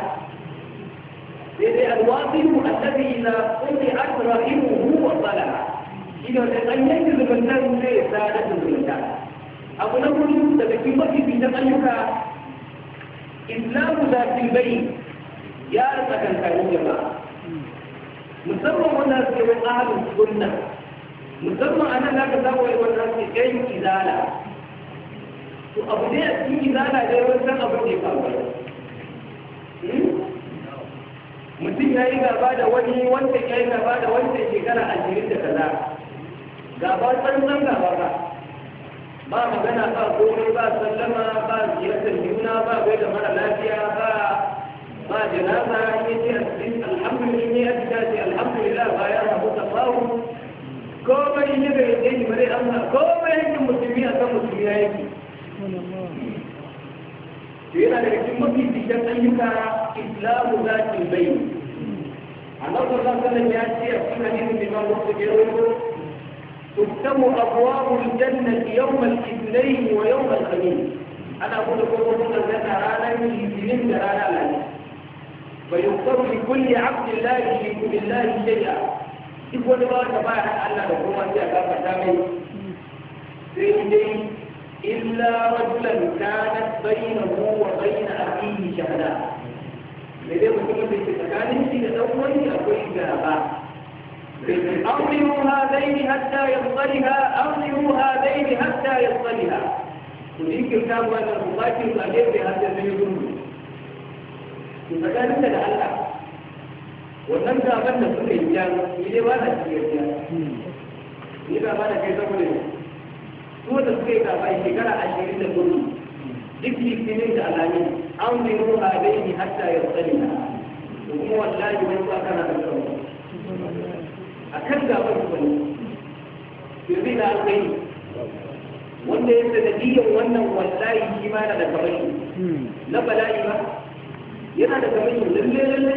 الواطن الذي إذا قطعت رحمه وطلع إذا أن يجذب الناس إليه ساعدته الإنسان أبو نقول تبكي مكي في تملك إسلام ذات البيت يا رزق الكريم musamman wannan suke wani ahalin sunna musamman anan za ka samu wani wannan suke kai izala to abu ne a cikin izala dai wani san abin da ya faru mutum ya yi gaba da wani wanda ya yi gaba da wancan shekara jirin da kaza gaba tsantsan gaba ba ba magana ba komai ba sallama ba ziyartar juna ba bai da mara lafiya ba ba janaza ya ce cikin alhamdulillah ya ta ce alhamdulillah ba ya rabu ta faru komai ne ce yi mare amma komai yankin musulmi a kan musulmi ya yi هنا لكن ممكن تشتريك إسلام ذات البين عن صلى الله عليه وسلم يأتي أفضل الإمام الصديق تكتم أبواب الجنة يوم الاثنين ويوم الخميس أنا أقول لكم أقول لك أنا أعلم في من أعلم ويختم لكل عبد الله لكل الله شيئا إخوة الله تبارك الله لكم أنت أكبر تامين سيدي إلا رجلا كانت بينه وبين أخيه شهداء لذلك مسلم بالتكاليف تدوري أقول جابا أرضوا هذين حتى يصطلها أرضوا هذين حتى يصطلها وذيك الكتاب أن المفاكر الأجير بهذا الزيون فكان مثل الله wannan gaban da suka إذا ما ne ba إذا ما jan ne su da suka yi kafai shekara ashirin da kudu duk litinin da alamin an bi mu a bai ni hatta ya tsari na kuma wallahi wani ba kana da kawo a kan gaban su wani firbi na alkai wanda ya sanadiyyar wannan wallahi shi ma yana da kamar na bala'i ba yana da kamar lalle lalle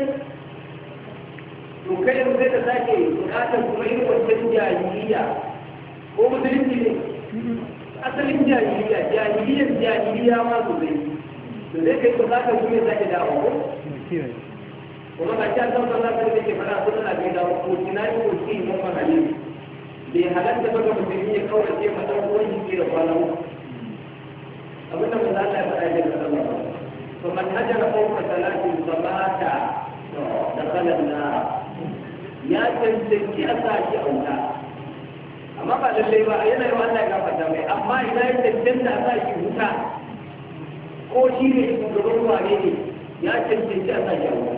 to kai yanzu zai ka sake bukatar kuma irin wancan jahiliya ko musulunci ne asalin jahiliya jahiliyar jahiliya ma sosai to zai kai ku za ka zuwa zaki dawo ko kuma ga ta san Allah sai da ke fara sunan da ga dawo ko kina yi ko kin mun fara ne bai halatta ba ga mutum ya kawai ce ma dan uwan jiki da kwana uku abinda mun za ta fara da Allah to man hajara fawqa salatin sabata to da kalan na ya tantance a sa shi a wuta amma ba lallai ba yana yi Allah ya gafarta mai amma ina yi cancanta sa shi huta? ko shi ne shugaban wane ne ya cancanci a sa shi a wuta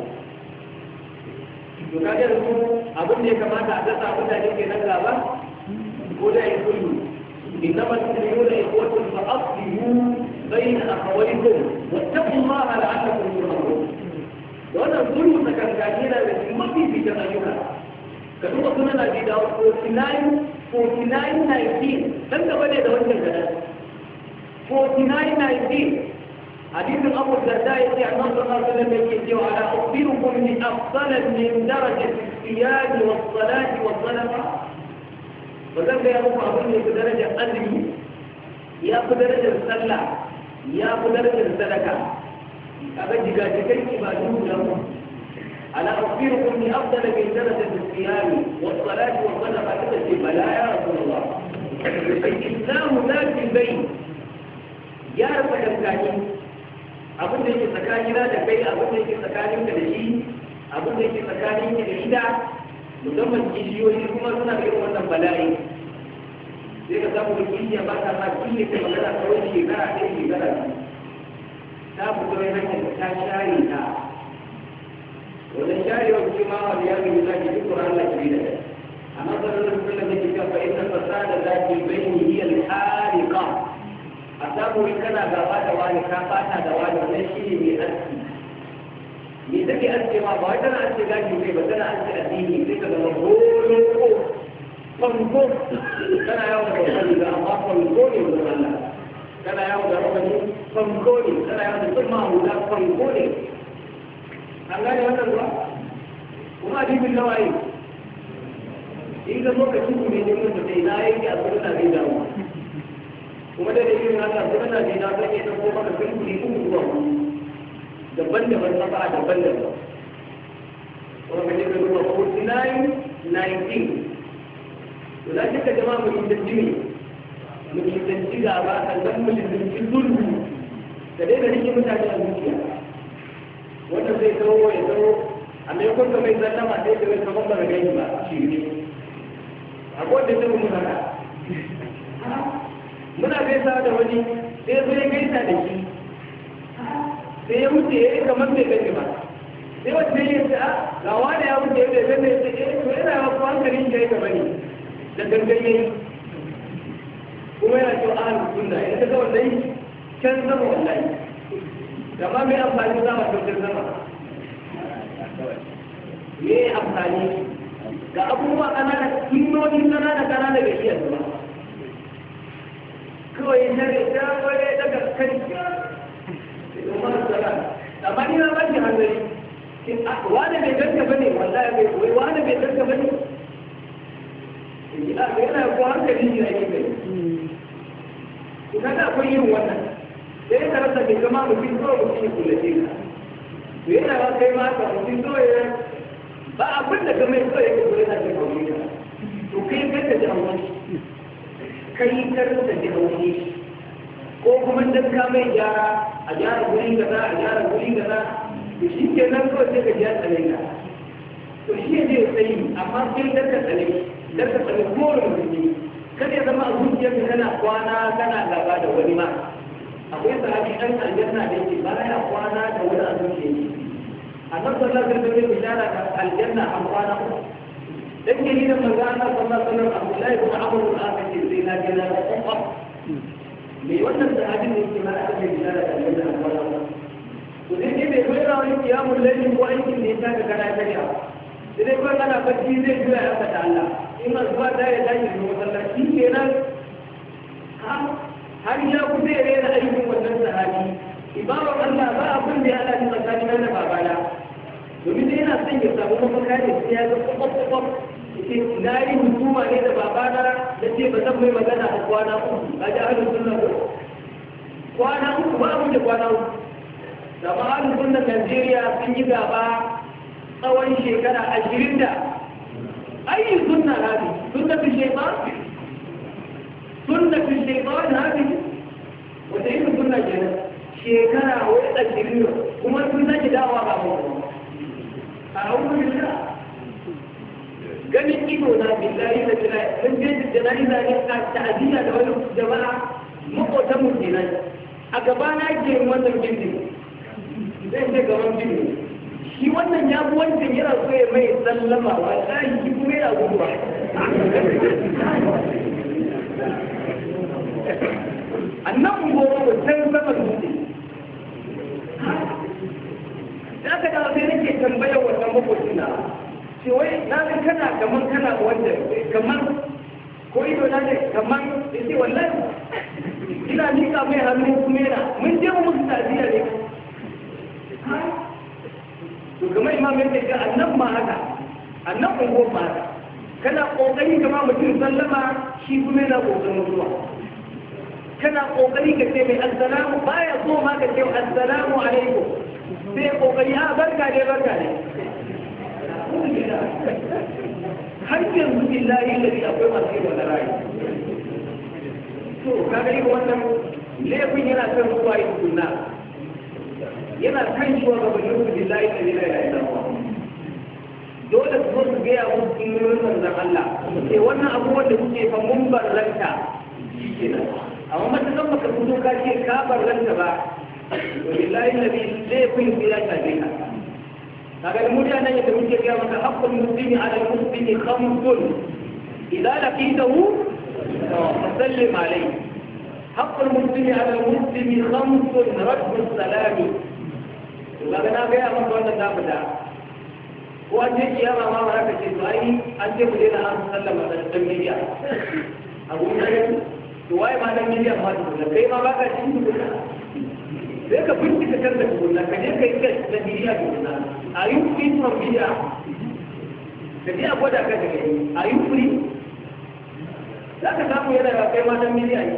to ka ga abin da ya kamata a dasa mutane ke nan gaba ko da ya kullu إنما المؤمنون إخوة فأصلحوا بين أخويكم واتقوا الله لعلكم ترحمون wannan sulhu tsakankanina da mafi fitan ayyuka ka duba sunan abi dawo ko sinayu 4919 dan gaba ne da wancan gada 4919 hadisin abu darda a ce annabi sallallahu da wasallam yake cewa ala ukhbirukum bi afdal min darajati wa salati wa sadaqa bazan ga abin da fi darajar azumi ya fi darajar sallah ya fi darajar sadaka kaga jigajigai ibadu da mu أنا أخبركم من أفضل من سنة الصيام والصلاة والصدقة كتب لا يا رسول الله الإسلام لا في البيت يا رب الأمكانين abin da yake tsakanina da kai abin da yake tsakaninka da shi abin da yake tsakaninka da shida musamman kishiyoyi kuma suna da irin wannan bala'i sai ka samu da kishiya ba ta ma kille ta magana kawai shekara ɗaya shekara biyu ta fito hanyar ta share ta wajen shayewar kuma wani ya gani zaki duk Qur'an na kiri da kai amma sanar da sunan da ke kan fa inna fasada zaki bayni hiya al-hariqa a samu kana gaba da wani ka fata da wani wannan shine mai aski me take aske ma ba tana aske gashi kai ba tana aske addini sai ka zama horo ko fanko kana yawon da wani da amma fanko ne wurin Allah kana yawon da wani fanko ne kana yawon da sun mahuda fanko ne an gane wannan ba kuma adibin nawa yi in ka zo ka ci kuma ne mutum da ina yake a na zai dawo kuma da dalilin haka sunna bai dawo kake ta ko maka kun kuri kun zuwa daban-daban safa daban-daban kuma ka je ka zuwa ko 19 ولكن كما من الجميع من الجميع بعد أن نعمل من الظلم فليس هي متعلقة بالجميع wanda zai tsawo ya tsawo a maimakon ka mai sallama sai ka mai kamar ba ka gani ba shi ne a kowace tsawo mun haka muna gaisa da wani sai zo ya gaisa da shi sai ya wuce ya yi kamar bai gani ba sai wata ne ya ce ah, ga ya wuce ya bai gani ya ce eh to yana ba ku hankalin shi ya yi gaba ne da gangan kuma yana cewa sunna ta ga can zama wallahi gama mai amfani za mu kyautar sama me amfani ga abubuwa kanana kinnoni kanana kanana da iya zuwa kawai na da dawale daga kuma kan amma ina ba shi hanzari ah, wani bai danka bane wallahi bai koyi wani bai danka bane yana ko hankali ne ake bai hmm. kaga akwai yin wannan sai ta rasa mai zama mutum zuwa mutum ya kullace ka to yana ba kai ma ka mutum zuwa ya ba abin da kamar zuwa ya ka kullace ka kawai ka to kai ka ta ji haushi kai ka rasa ji haushi ko kuma dan ka mai gyara a gyara guri kaza a gyara guri kaza to shi ke nan kawai sai ka gyara tsanin ka to shi ne tsayi amma kai dan ka tsanin dan ka tsanin kowane mutum kada ya zama a zuciyarka kana kwana kana gaba da wani ma akwai sahabi dan aljanna da yake baya kwana da wani a zuciya A annabi sallallahu alaihi wasallam ya bishara da aljanna a kwana uku dan ke ni da manzo Allah sallallahu alaihi wasallam Abdullahi ibn Amr ibn Asim sai na gina da kuma me wannan sahabi ne ke mana aka bishara da aljanna a kwana uku to dai bai koyar wani kiyamul layli ko aikin ne ta ga ta kariya sai dai kawai kana bacci zai juya ya fata Allah in zuwa da ya tashi da masallaci kenan ha har ya ku zai rera aikin wannan sahabi ibawar Allah ba abin da ya lafi tsakanin na babana domin da yana son ya samu mafaka da su ya ga kwakwakwak ke na yi hukuma ne da babana da ce ba zan mai magana a kwana uku a ji ahalin sunna ba kwana uku ba abin da kwana uku da ba ahalin sunna Najeriya sun yi gaba tsawon shekara ashirin da ayyukan sunna rabi sunna fi shekara سنة الشيطان هذه وتعيد سنة جنة شيكنا ويأتى الشرير وما سنة جداوة بابوه أعوذ ganin ido na billahi da billahi mun je da jana'iza ne ta da wani jama'a mu a gaba na ke wannan gindi zai ce gaban gindi shi wannan ya fi wancan yana so ya mai sallama wa kuma yana gudu ba annabin gobe ko can sama dutse da aka dawo sai nake tambayar wannan makwacina ce wai na ga kana kamar kana wanda kamar ko ido na ne kamar ke wannan. ina nika mai hannu kuma yana mun je mu musu tafiya ne to kamar imam yadda ga annan ma haka annan ungo ma haka kana kokari kamar mutum sallama shi kuma yana kokarin zuwa kana kokari ka ce mai assalamu baya so ma ka ce assalamu alaikum sai kokari a ah, barka ne barka ne har yanzu billahi lalli akwai masu yi wani rayu to kaga yi wannan laifin yana kan ruwa yi suna yana kan shi ga gaba da rubu da ne lalli lalli dole su zo su gaya mun sun yi wannan zan Allah sai wannan abubuwan da kuke fa mun barranta shi ke nan amma matakan baka fito ka ce ka bar ranta ba to billahi nabi zai fi ya tabe ka kaga mutanen yadda muke gaya maka haqqul muslimi ala muslimi khamsun idza laqitahu فسلم عليه حق المسلم على المسلم خمس رد السلام kaga na gaya maka wannan za mu da ko an je kiyama ma ba za ka ce to ai an je mu daina an sallama da dan bidiya a gurin to waye ma dan miliyan ma da kai ma ba baka cikin da sai ka bincika kan da kuma ka je ka yi kai da miliyan da are you free from media da je a gwada ka da kai are you free za ka samu yana da kai ma dan miliyan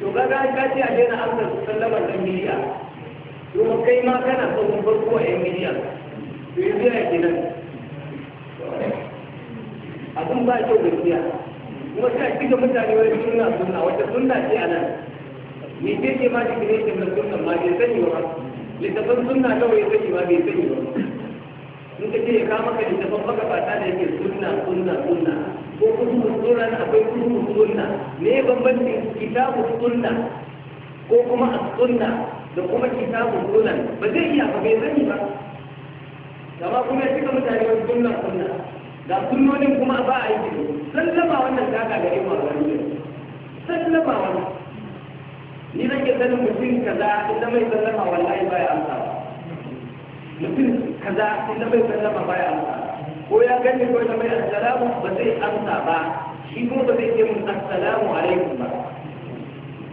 to ga ga ka ce a je na amsa sallama dan miliyan domin kai ma kana son farko a yan miliyan to yanzu ya ke kenan abin ba kyau gaskiya kuma ta ci da mutane wani suna sunna wata suna ce a nan me ce ce ma definition na sunna ma bai sani ba littafin suna kawai ya sani ma bai sani ba in ka ce ya kama ka littafin baka fata da yake suna sunna sunna ko suna sunna akwai kudu sunna me ya bambancin kitabu sunna ko kuma as-sunna da kuma kitabu sunan ba zai iya ba bai sani ba kama kuma ya cika mutane wani suna sunna ga sunnonin kuma ba a yi sallama wannan daga da mu a wani sallama wannan ni zan ke sanin mutum kaza inda mai sallama wallahi ya amsa mutum kaza inda mai sallama ba ya amsa ko ya gani ko ya mai assalamu ba zai amsa ba shi kuma ba zai ce mun assalamu alaikum ba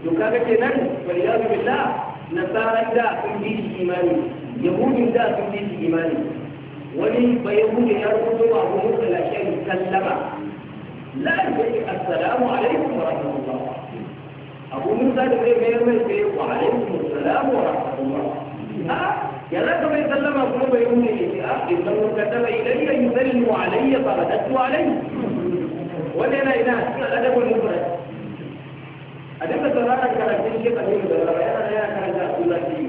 to kaga kenan nan iyadu billah nasara da sun bi imani yahudin da sun bi imani wani bayahude ya rubuto ba abu musa lafiyar sallama la yake assalamu alaikum wa rahmatullah abu musa da zai mayar mai sai wa alaikum assalamu wa rahmatullah ha ya zaka mai sallama kuma bai nuna ne ce a idan mun kaddama ilayya yusallimu alayya fa radatu alayhi wanda yana ina cikin adabul mufrad a duka sauraron karatun shi kabiru da rama yana da yana karanta sunan shi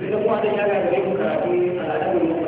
sai da kuma da ya ga gare mu karatu a adabul mufrad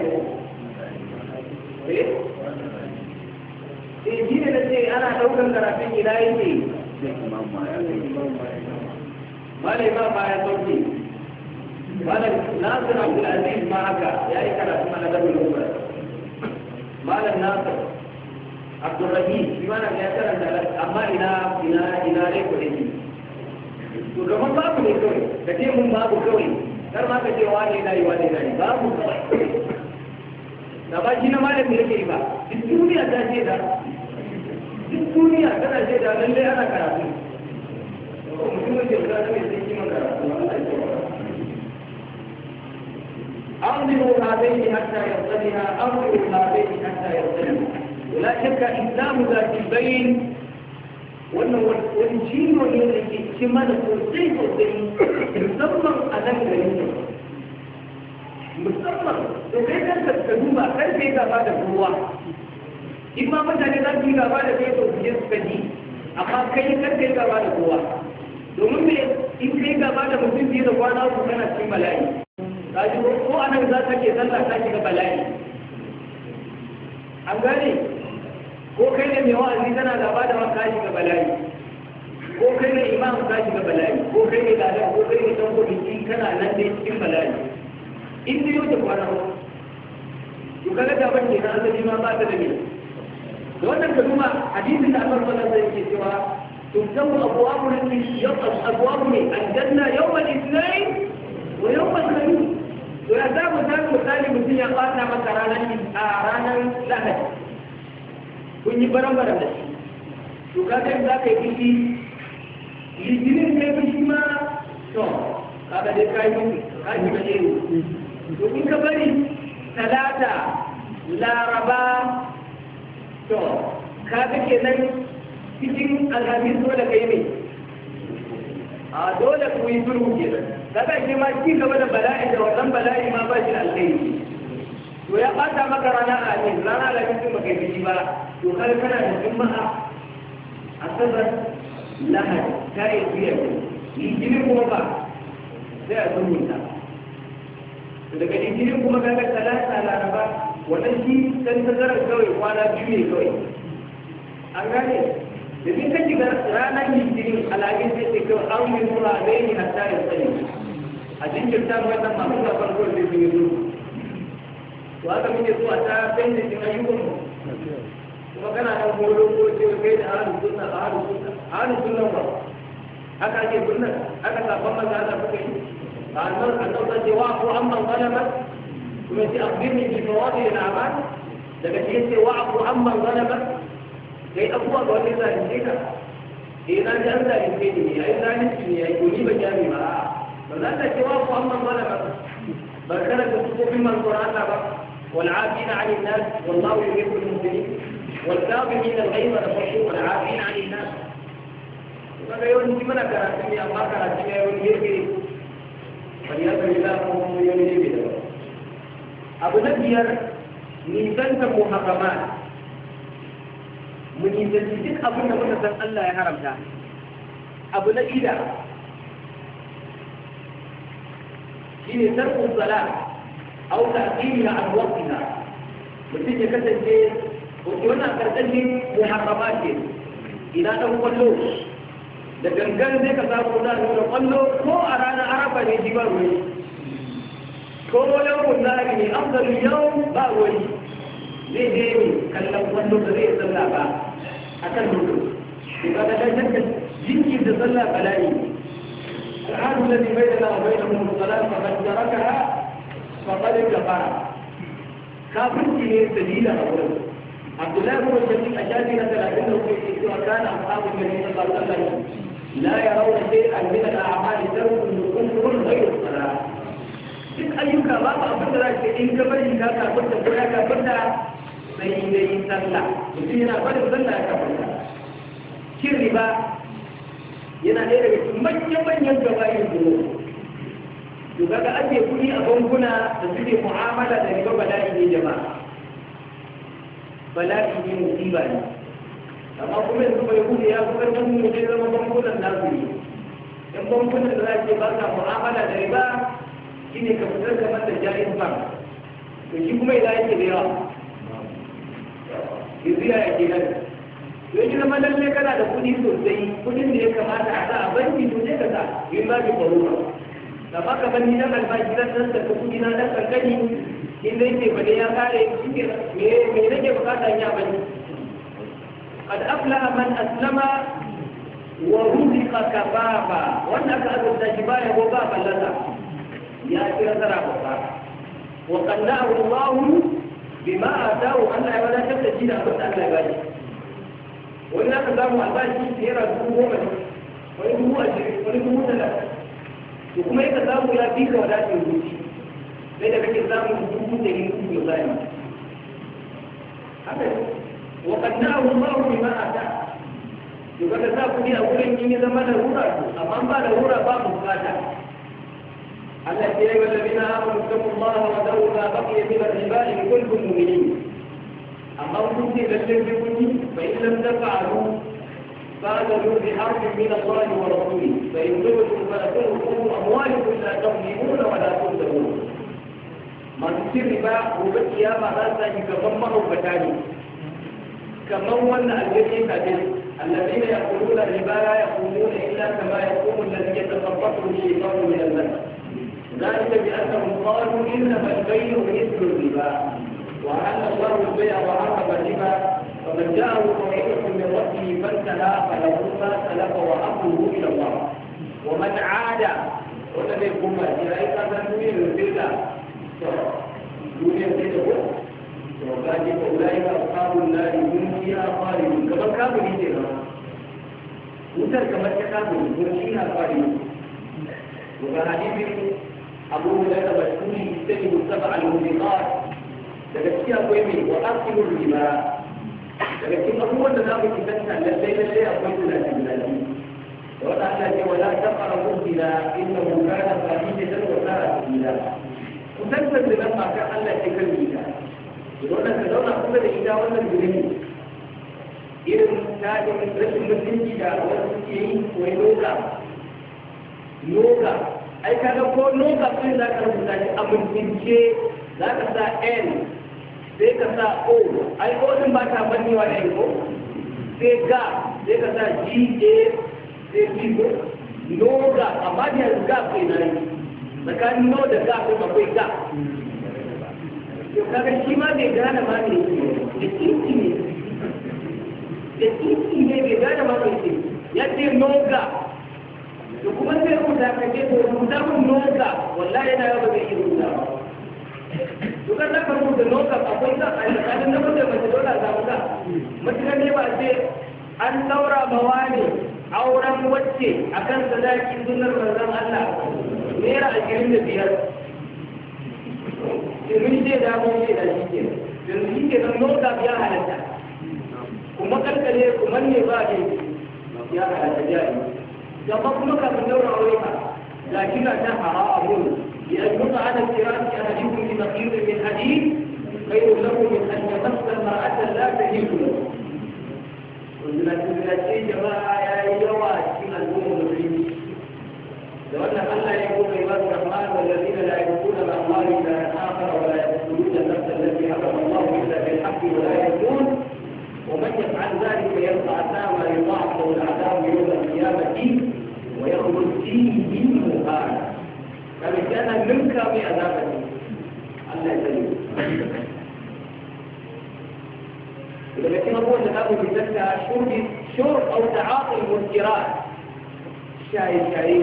ɗaukar karatun ina yake mala ba ma ya sauke mala nasir abdulaziz ma haka ya yi karatu mana da bulubura mala nasir abdulrahim shi mana ya karanta amma ina ina ina ne ko yake to domin babu ne kawai ka ce mun babu kawai kar ma ka ce wani na yi wani na yi babu kawai da ba shi na malami yake yi ba duk duniya ta ce da duk duniya tana ce da lallai ana karatu mutumin da ya zama mai kiman karatu أمضوا هذين حتى يصلها أمضوا هذين حتى يصلها ولا شك إسلام ذات البين والجين والإنسان كما نقول سيف الدين مصمم أدم الإنسان مصمم لو كان تتكلم أكثر كيف هذا هو in ma mutane za su yi gaba da kai to su je su amma kai kar kai gaba da kowa domin me in kai gaba da mutum biyu da kwana uku kana cikin bala'i ka ji ko nan za ka ke sallah ka shiga bala'i an gane ko kai da mai wa'azi tana gaba da ka shiga bala'i ko kai da imam ka shiga bala'i ko kai da ladan ko kai da dan komiti kana nan dai cikin bala'i in dai yau da kwana uku kaga da ban ke na asali ma ba ta da me da wannan ka duba hadisin da Allah ne alaihi wasallam yake cewa تبتغوا أبواب يطلب أبواب الجنة يوم الاثنين ويوم الخميس ويزاق ذلك مثالي مثل يقال لما ترانا ranar lahadi kun yi baran-baran da shi to ka kai za ka yi kishi litinin ne fi shi ma to ka ga dai ka yi ka yi ka to in ka bari talata laraba to ka ga kenan cikin alhamis dole kai ne a dole ku yi sulhu kenan kaga shi ma ci gaba da bala'i da wannan bala'i ma ba shi alkhairi to ya bata maka rana a ne rana da kake baka yi ba to kar kana da A asabar lahadi ta yi biyar jini kuma ba sai a sulhunta daga jini kuma kaga talata laraba wannan shi dan tazarar kawai kwana biyu ne kawai an gane da bin kan shiga ranar litinin alaƙin sai kawai an yi a a tsarin tsari a da zai to haka muke zuwa ta ayyukan mu kuma kana nan horo ko ce yi da ba haka ake haka sabon da yi ba a cewa ko ba. وانت أخبرني بفواضل الأعمال لما تيسي وعفو أما ظلمك زي أبوه قال لي لا يمكنك إيه لا جأنت يمكنني إيه لا يمكنني يقول لي بجاني ما فلا تجواب أما ظلمك بل كانت تصدق مما القرآن والعافين عن الناس والله يحب المسلمين والكاظمين الغيظ والعفو والعافين عن الناس kaga yawanci muna karatu ne amma karatu ne yawanci abu na biyar nisanta muharramat mu nisanci duk abin da muka san Allah ya haramta abu na ida shi ne tarkun sala au ta'qimiha an waqtiha mutum ya kasance wato wannan mu muharramat ce ina ɗan kwallo da gangan zai ka samu da nuna kwallo ko a ranar arafa ne ji ba ruwa هو يوم النهر أفضل اليوم باوي ليه كلم وانه بريء صلى با أكل هدو لماذا لا شك جنك تصلى بلاي العهد الذي بيننا وبينهم الصلاة فقد تركها فقد كفر كافر كيه سبيل أولا عبد الله بن الشريف أشادي مثلا إنه في كان أصحاب النبي صلى الله عليه وسلم لا يرون شيئا من الأعمال ترك من كفر غير الصلاة cikin ayyuka ba ba abin da za ka in ka bari ka kafarta ko ya kafarta sai in dai sallah mutum yana barin sallah ya kafarta cin riba yana ɗaya daga cikin manyan manyan gabayin zuwa to kaga ake kuɗi a bankuna da suke mu'amala da riba bala'i ne jama'a bala'i ne musiba ne amma kuma yanzu bai kuɗi ya fi karfin mu zama bankunan nasu ne in bankunan da za ke ba ka mu'amala da riba shi ne ka fitar kamar da jayin fara. to shi kuma ina yake da yawa giziya ya ke nan don shi zama lalle kana da kuɗi sosai kuɗin da ya kamata a sa a banki to ne ka sa yin ba ki ba. amma kamar ni dan albashi gidan nan ka kuɗi na dan kankani in da yake bane ya kare shi ne me nake bukata ya bani قد أفلح من أسلم ورزق كبابا وأنك أدرت شبايا وبابا لذا ya ci nasara bauta wa qanna'ahu Allah bima ataahu Allah ya wadatar da shi da abin da Allah ya bashi wani ka samu albashi naira dubu goma ne wani dubu ashirin wani dubu talatin to kuma yaka samu ya fi ka wadatar zuci sai da kake samun dubu da yin dubu da zai haka wa qanna'ahu Allah bima ataahu to kada sa kudi a wurin yin zama da rura amma ba da rura ba mu bukata أن يا الذين آمنوا اتقوا الله وذروا ما بقي من الربا إن كنتم مؤمنين أما كنت لشرك مني فإن لم تفعلوا فأتوا بحرب من الله ورسوله فإن تبتم فلكم رؤوس لا تظلمون ولا تظلمون masu cin riba gobe kiyama za su yi gaban mahaukata ne kamar wannan aljihin kafin allazi ne ya kuru da riba ya kuru da illa kama ya kuma da ya tafafa shi ya kawo mai albarka ذلك بأنهم قالوا إنما البيع مثل الربا وأن الله البيع وحرم الربا فمن جاءه طريقة من ربه فانتهى فله ما سلف وأمره إلى الله ومن عاد وتبي كما إليك فنؤمن بالله دنيا تدعو وذلك أولئك أصحاب النار هم فيها خالدون كما كانوا يجرون wutar kamar ta kamun wurin shi na faɗi. Daga hadisin أبو لك مشهور يجتنب سبع الموبقات تذكر قيمي وأكل الربا لكن أول ذلك تفتح لدينا شيء أقول لك وقال ولا تقربوا الزنا إنه كان فريدة وكان سبيلا وتنزل لما كان الله تكلمك يقول لك دولة كل إذا ولا الجنين إذن تاجر رسم الزنجي دا ولا سكيه ويلوكا يوكا ai kaga ko lokacin da ka rubuta shi a bincike za ka sa n sai ka sa o ai ko din ba ta bani wa da ko sai ga sai ka sa g a sai g ko no ga amma da yanzu ga kai na yi tsakanin no da ga ko akwai ga kaga shi ma bai gane ma ne da titi ne da titi ne bai gane ma ne ya no ga da kuma zai rubuta ka ce ko rubuta mun nonka wallahi yana yau bai yi iya rubuta ba to kan zaka rubuta nonka akwai kan a tsakanin na mutum mace dole a samu ka mutum ne ba ce an saura mawa ne auren wacce a kan sadaki sunar manzon Allah naira ashirin da biyar domin ce da mun ce da shi ke yanzu shi ke nan nonka ya halatta kuma kankare kuma ne ba ne ya halatta jari da ba kuma kafin daura aure ka lakin na ta hara abu لأن على الفراش من حديث خير له من أن يمس امرأة لا تهل له. قلنا لكم جماعة يا يوا أيوة، كما الأم المسلمين. لو أن الله يكون عباد الرحمن والذين لا يؤتون الأموال إلى آخر ولا يقتلون النفس التي حرم الله إلا بالحق ولا يكون ومن يفعل ذلك يلقى عذابا يضاعف العذاب يوم القيامة ويقول فيه منه هذا فمثلا منك بعذابك الله يسلمك إذا كان هو الذهاب بذلك شرب شرب أو تعاطي المسكرات الشاي الشاي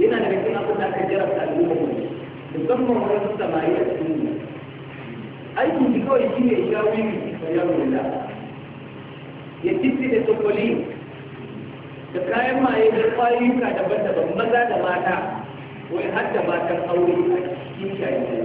هنا أنا بكون أقول لك جرب تألوه بسمه مرة السماعية السنية أي من تكوى يجيب يشاوي فيوم الله يجيب لتوكولين da kayan maye da kwayoyi daban-daban maza da mata wai har da matan aure a cikin shayi